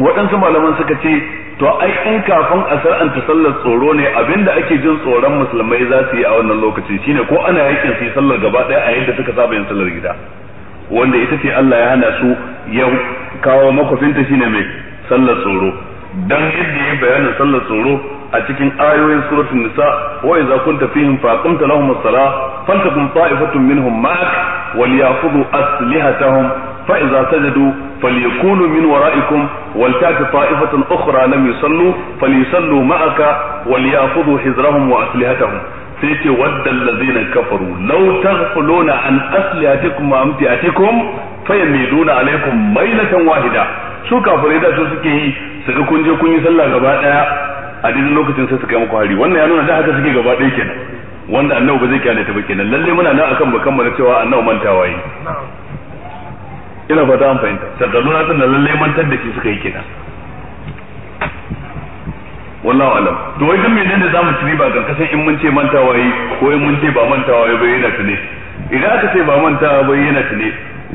waɗansu malaman suka ce to ai in kafin a shar'anta sallar tsoro ne abinda ake jin tsoron musulmai za su yi a wannan lokaci shine ko ana yakin su sallar gaba ɗaya a yadda suka saba yin sallar gida wanda ita ce Allah ya hana su ya kawo makwafinta shine mai sallar tsoro dan yadda ya bayanin sallar tsoro a cikin ayoyin suratul nisa wa idza kunta fihim faqimta lahum as-salah faltakum ta'ifatun minhum ma'ak walyakhudhu aslihatahum fa idza sajadu falyakunu min wara'ikum waltati ta'ifatun ukhra lam yusallu falyusallu ma'aka walyakhudhu hizrahum wa aslihatahum sai ce waddal ladzina kafaru law taghfuluna an aslihatikum wa amtiatikum mai alaykum mailatan wahida su kafare da su suke yi su ga kun je kun yi sallah gaba daya a dinin lokacin sai su kai muku hari wannan ya nuna da haka suke gaba daya kenan wanda annabi ba zai kyale ta ba kenan lalle muna nan akan ba kammala cewa annabi mantawa yi ina fata an fahimta sadaluna sun lalle mantar da shi suka yi kenan wallahu alam to wai dan menene zamu ci riba karkashin in mun ce mantawa yi ko in mun ce ba mantawa yi bai yana tune idan aka ce ba mantawa bai yana tune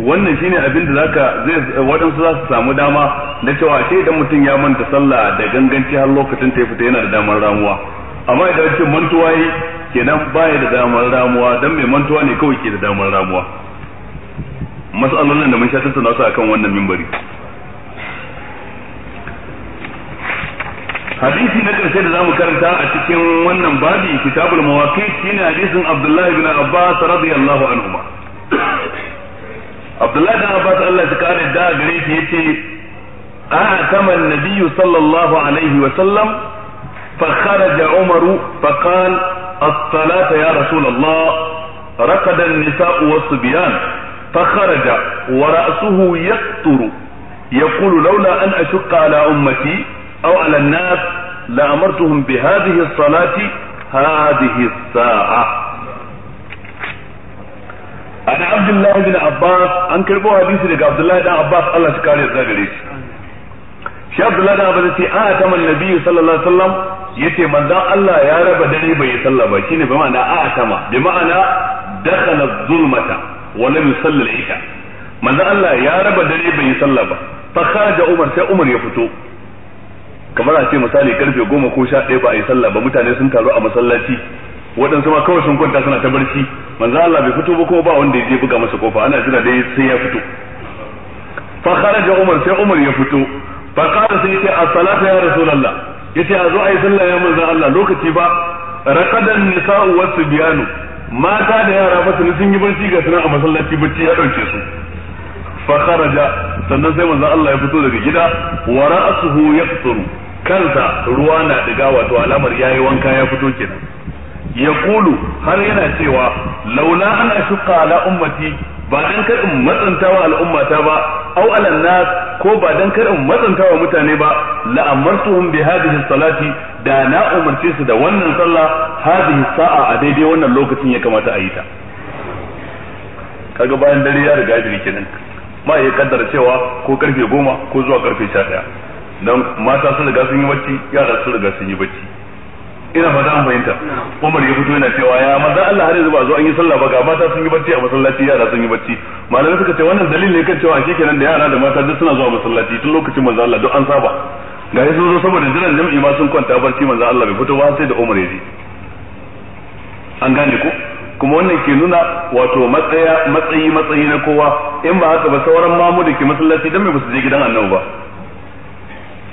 wannan shine abin da zaka zai wadansu za su samu dama na cewa sai dan mutum ya manta sallah da ganganci har lokacin ta fita yana da damar ramuwa amma idan ce mantuwa yi kenan baya da damar ramuwa dan mai mantuwa ne kawai ke da damar ramuwa nan da mun sha tattauna su akan wannan mimbari حديث نجم سيد الأم كرمتا أتكين ونن بادي كتاب المواقيت هنا حديث عبد الله بن عباس رضي الله عنهما عبد الله بن عباس قال لك قال الداء قريت يتي آتم النبي صلى الله عليه وسلم فخرج عمر فقال الصلاة يا رسول الله ركض النساء والصبيان فخرج ورأسه يقطر يقول لولا أن أشق على أمتي أو على الناس لأمرتهم بهذه الصلاة هذه الساعة أنا عبد الله بن عباس أنكر بو حديث لك عبد الله بن عباس الله شكال يزاقريش شي عبد الله بن عباس يتي النبي صلى الله عليه وسلم يتي من ذا الله يا رب دني بي صلى الله عليه وسلم بمعنى آه بمعنى دخل الظلمة ولم يصل العشاء من ذا الله يا رب دني بي صلى الله عليه وسلم فخرج عمر سي عمر يفتو kamar a ce misali karfe goma ko sha ɗaya ba a yi sallah ba mutane sun taru a masallaci waɗansu ma kawai sun kwanta suna ta barci manzo Allah bai fito ba kuma ba wanda ya je buga masa kofa ana jira dai sai ya fito fa kharaja Umar sai Umar ya fito fa qala sai ce as-salatu ya rasulullah yace a zo a yi sallah ya manzo Allah lokaci ba raqadan nisa'u was-sibyanu mata da yara su sun yi barci ga suna a masallaci barci ya dauke su fa kharaja sannan sai manzo Allah ya fito daga gida wa ra'suhu yaqturu kansa ruwa na diga wato alamar yayi wanka ya fito kenan kulu har yana cewa laula ana shuka ala ummati ba dan kar in wa al'ummata ba aw ala ko ba dan kar in wa mutane ba la amartuhum bi hadhihi salati da na umarce su da wannan sallah hadhihi sa'a a daidai wannan lokacin ya kamata a yi ta kaga bayan dare ya riga jiri kenan ma ya kaddara cewa ko karfe goma ko zuwa karfe sha daya don mata sun riga sun yi bacci yara sun riga sun yi bacci ina fata an fahimta Umar ya fito yana cewa ya maza Allah har yanzu ba zo an yi sallah ba ga mata sun yi bacci a masallaci yara sun yi bacci malamai suka ce wannan dalil ne kan cewa kenan da yara da mata duk suna zuwa masallaci tun lokacin manzo Allah duk an saba ga sun zo saboda jiran jami'i ma sun kwanta barci manzo Allah bai fito ba sai da Umar ya je an gane ko kuma wannan ke nuna wato matsaya matsayi matsayi na kowa in ba haka ba sauran mamu da ke masallaci dan me ba su je gidan annabi ba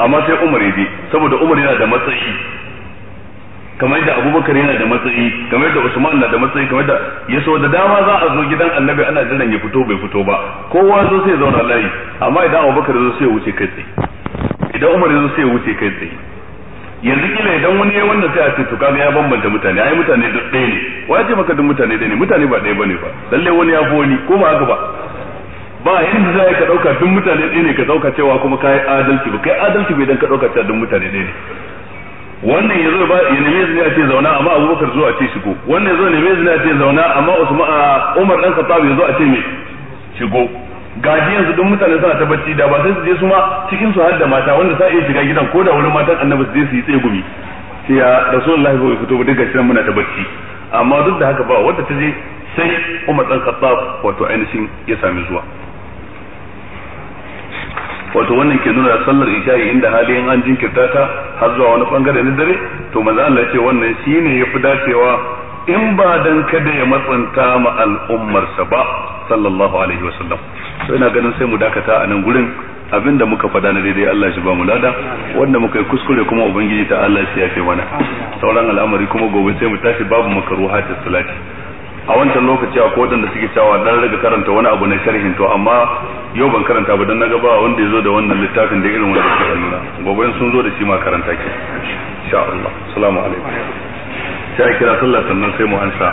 amma sai Umar ya je saboda Umar yana da matsayi kamar yadda Abubakar yana da matsayi kamar yadda Usman na da matsayi kamar yadda ya so da dama za a zo gidan Annabi ana jiran ya fito bai fito ba kowa zo sai zauna layi amma idan Abubakar zo sai ya wuce kai tsaye idan Umar zo sai ya wuce kai tsaye yanzu kila idan wani ya wannan sai a ce to kaga ya bambanta mutane ai mutane duk ɗaya ne waje maka duk mutane ɗaya ne mutane ba ɗaya bane ba lalle wani ya fi wani ko ba haka ba ba yanda za ka dauka duk mutane ɗaya ne ka dauka cewa kuma kai adalci ba kai adalci bai dan ka dauka cewa duk mutane ɗaya ne wannan ya zo ba ya neme zina ce zauna amma Abubakar zo a ce shigo wannan ya zo neme zina ce zauna amma Usman Umar dan Khattab ya zo a ce me shigo gaji yanzu duk mutane suna ta bacci da ba sai su je su ma cikin su har da mata wanda sa iya shiga gidan ko da wani matan Annabi su je su yi tsaye gumi sai ya Rasulullahi bai fito ba duka shirin muna ta bacci amma duk da haka ba wanda ta je sai Umar dan Khattab wato ainihin ya sami zuwa wato wannan ke nuna sallar isha'i inda halin an jinkirta ta har zuwa wani bangare na dare to manzo Allah ce wannan shine yafi dacewa in ba dan kada ya matsanta ma al'ummarsa ba sallallahu alaihi wasallam to ina ganin sai mu dakata a nan gurin abinda muka fada na daidai Allah shi ba mu lada wanda muka yi kuskure kuma ubangiji ta Allah shi ya ce mana sauran al'amari kuma gobe sai mu tashi babu makaruha ta salati a wancan lokaci a ko da suke cewa dan rage karanta wani abu na sharhin to amma yau ban karanta ba dan naga ba wanda yazo da wannan littafin da irin wanda suke nuna gobe sun zo da shi ma karanta ke. insha Allah assalamu alaikum sai kira sallah sannan sai mu ansa